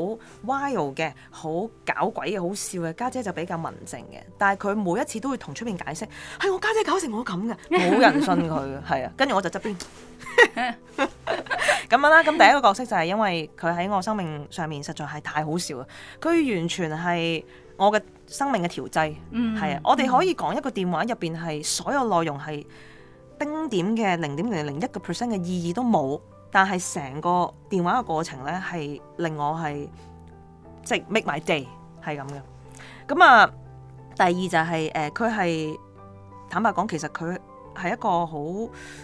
wild 嘅，好搞鬼嘅，好笑嘅。家姐，姐就比較文靜嘅，但係佢每一次都會同出面解釋，係、hey，我家姐，姐搞成我咁嘅，冇人信佢，係啊， 跟住我就側邊。 咁 樣啦，咁第一個角色就係因為佢喺我生命上面實在係太好笑啦，佢完全係我嘅生命嘅調劑，係啊，我哋可以講一個電話入邊係所有內容係丁點嘅零點零零一個 percent 嘅意義都冇，但係成個電話嘅過程咧係令我係即係 make my day 係咁嘅。咁啊，第二就係、是、誒，佢、呃、係坦白講，其實佢係一個好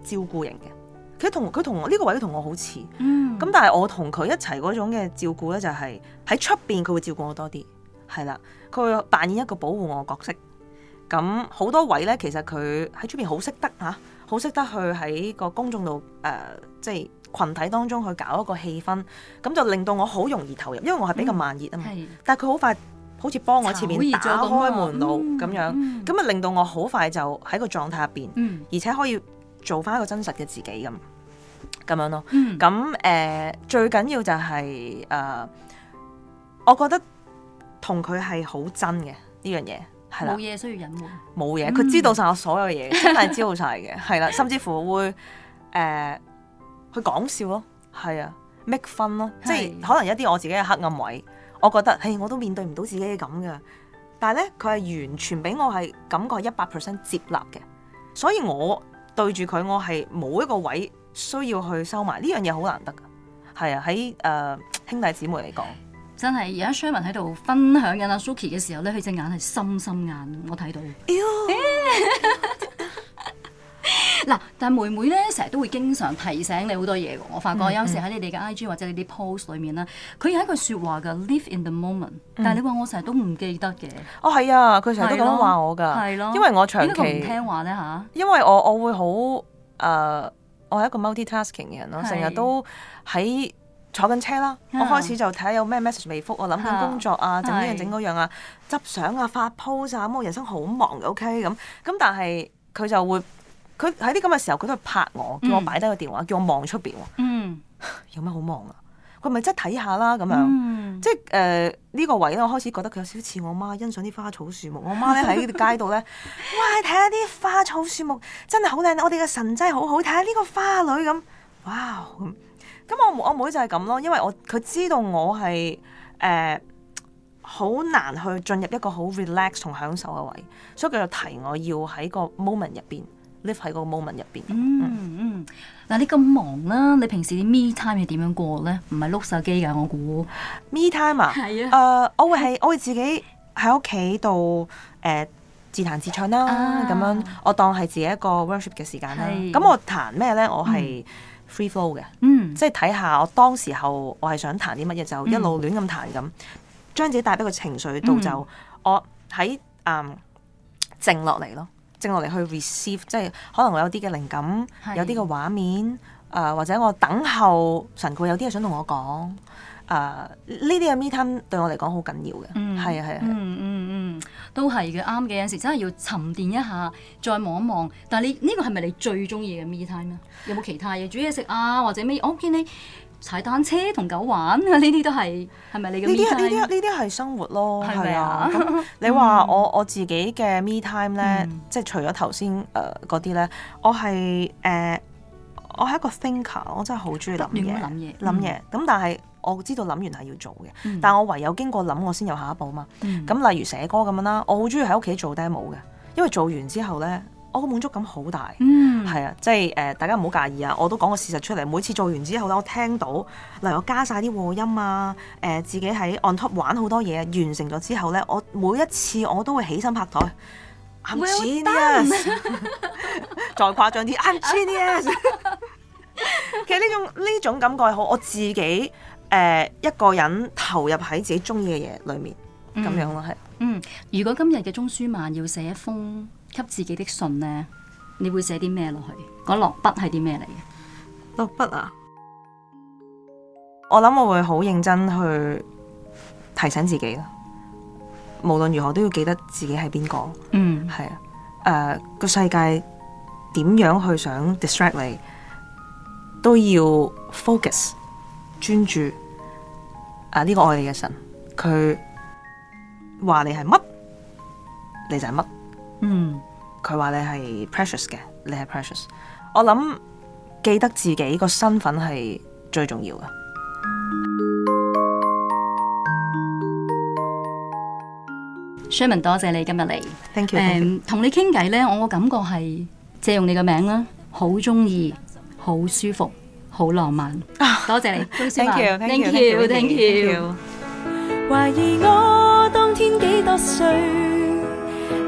照顧型嘅。佢同佢同呢個位都同我好似，咁、嗯、但係我同佢一齊嗰種嘅照顧咧就係喺出邊佢會照顧我多啲，係啦，佢會扮演一個保護我嘅角色。咁好多位咧，其實佢喺出邊好識得嚇，好、啊、識得去喺個公眾度誒，即、呃、係、就是、群體當中去搞一個氣氛，咁就令到我好容易投入，因為我係比較慢熱啊嘛。嗯、但係佢好快好似幫我前面打開門路咁樣、啊嗯、樣，咁啊令到我好快就喺個狀態入邊，嗯、而且可以。做翻一個真實嘅自己咁，咁樣咯。咁誒、嗯呃，最緊要就係誒，我覺得同佢係好真嘅呢樣嘢，係啦。冇嘢需要隱瞞，冇嘢，佢知道晒我所有嘢，嗯、真係知道晒嘅，係啦， 甚至乎會誒，佢、呃、講笑咯，係啊，make fun 咯的，即係可能一啲我自己嘅黑暗位，我覺得，嘿，我都面對唔到自己咁嘅。但係咧，佢係完全俾我係感覺一百 percent 接納嘅，所以我。對住佢，我係冇一個位需要去收埋呢樣嘢，好難得噶。係啊，喺誒、呃、兄弟姊妹嚟講，真係而家 Sherman 喺度分享緊阿 Suki 嘅時候咧，佢隻眼係深深眼，我睇到。 嗱，但係妹妹咧，成日都會經常提醒你好多嘢。我發覺有陣時喺你哋嘅 IG 或者你啲 post 裏面咧，佢有一句説話嘅，Live in the moment。嗯、但係你話我成日都唔記得嘅。哦，係啊，佢成日都咁話我㗎，啊、因為我長期呢個唔聽話咧嚇。因為我我會好誒、呃，我係一個 multi-tasking 嘅人咯，成日、啊、都喺坐緊車啦。我開始就睇下有咩 message 未復，我諗緊工作啊，整呢樣整嗰樣啊，執相啊、啊、啊，發 post 啊，咁我人生好忙 OK 咁。咁、okay? 但係佢就會。佢喺啲咁嘅時候，佢都係拍我，叫我擺低個電話，叫我望出邊。嗯，有咩好望啊？佢咪即係睇下啦，咁樣，嗯、即係誒呢個位咧，我開始覺得佢有少少似我媽欣賞啲花草樹木。我媽咧喺呢街度咧， 哇，睇下啲花草樹木真係好靚，我哋嘅神真係好好，睇下呢個花女咁，哇咁。咁我我妹就係咁咯，因為我佢知道我係誒好難去進入一個好 relax 同享受嘅位，所以佢就提我要喺個 moment 入邊。Live 喺個 moment 入邊。嗯嗯，嗱你咁忙啦，你平時啲 me time 係點樣過咧？唔係碌手機㗎，我估。me time 啊？係啊。誒，我會係我會自己喺屋企度誒自彈自唱啦，咁樣我當係自己一個 worship 嘅時間啦。咁我彈咩咧？我係 free flow 嘅，即係睇下我當時候我係想彈啲乜嘢，就一路亂咁彈咁，將自己帶到個情緒度就我喺誒靜落嚟咯。靜落嚟去 receive，即係可能我有啲嘅靈感，是有啲嘅畫面，啊、呃、或者我等候神佢有啲嘢想同我講，啊，呢啲嘅 me time 對我嚟講好緊要嘅，係啊係啊，嗯嗯嗯都係嘅，啱嘅，有陣時真係要沉澱一下，再望一望。但係你呢、這個係咪你最中意嘅 me time 啊？有冇其他嘢煮嘢食啊，或者咩？我見你。踩單車同狗玩，呢啲都係，係咪你呢啲呢啲呢啲係生活咯，係啊。咁你話我我自己嘅 me time 咧，即係除咗頭先誒嗰啲咧，我係誒我係一個 thinker，我真係好鍾意諗嘢諗嘢諗嘢。咁但係我知道諗完係要做嘅，但我唯有經過諗我先有下一步嘛。咁例如寫歌咁樣啦，我好鍾意喺屋企做 demo 嘅，因為做完之後咧。我個滿足感好大，嗯，係啊，即係誒、呃，大家唔好介意啊，我都講個事實出嚟。每次做完之後咧，我聽到例如我加晒啲和音啊，誒、呃，自己喺 OnTop 玩好多嘢，完成咗之後呢，我每一次我都會起身拍台。I genius，再誇張啲 ，I 'm genius。 其實呢種呢種感覺好，我自己誒、呃、一個人投入喺自己中意嘅嘢裏面，咁、嗯、樣咯，係。嗯，如果今日嘅鍾舒漫要寫一封。給自己的信呢，你會寫啲咩落去？嗰落筆係啲咩嚟嘅？落筆啊，我諗我會好認真去提醒自己咯。無論如何都要記得自己係邊個。嗯，係啊。誒，個世界點樣去想 distract 你，都要 focus 專注啊，呢個愛你嘅神，佢話你係乜，你就係乜。嗯。佢話你係 precious 嘅，你係 precious。我諗記得自己個身份係最重要嘅。Sherman，多謝你今日嚟，thank you。誒，同你傾偈呢，我個感覺係借用你個名啦，好鍾意，好舒服，好浪漫。多謝你，多謝你，thank you，thank you，thank you。懷疑我當天幾多歲？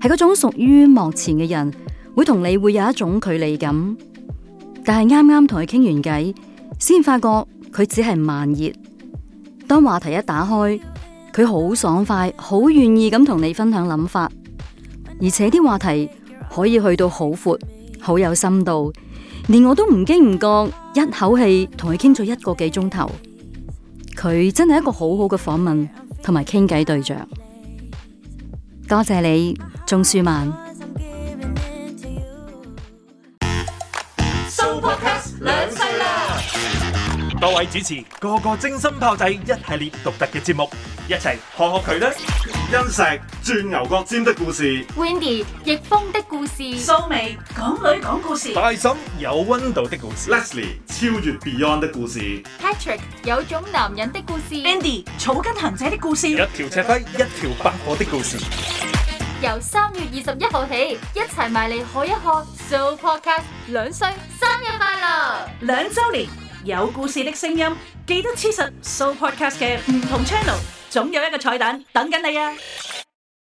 係嗰種屬於幕前嘅人，會同你會有一種距離感。但係啱啱同佢傾完偈，先發覺佢只係慢熱。當話題一打開，佢好爽快，好願意咁同你分享諗法。而且啲話題可以去到好闊，好有深度，連我都唔經唔覺，一口氣同佢傾咗一個幾鐘頭。佢真係一個好好嘅訪問同埋傾偈對象。多謝你。鍾舒漫，Sooopodcast 兩歲啦！多位主持個個精心炮製一系列獨特嘅節目，一齊學學佢啦！殷石鑽牛角尖的故事，Windy 逆風的故事，蘇眉港女講故事，大嬸有溫度的故事，Leslie 超越 Beyond 的故事，Patrick 有種男人的故事，Wendy 草根行者的故事，一條赤飛，一條白火的故事。由三月二十一號起，一齊埋嚟，學一學 Sooopodcast 兩歲生日快樂，兩周年有故事的聲音。記得黐實 Sooopodcast 嘅唔同 channel，總有一個彩蛋等緊你啊！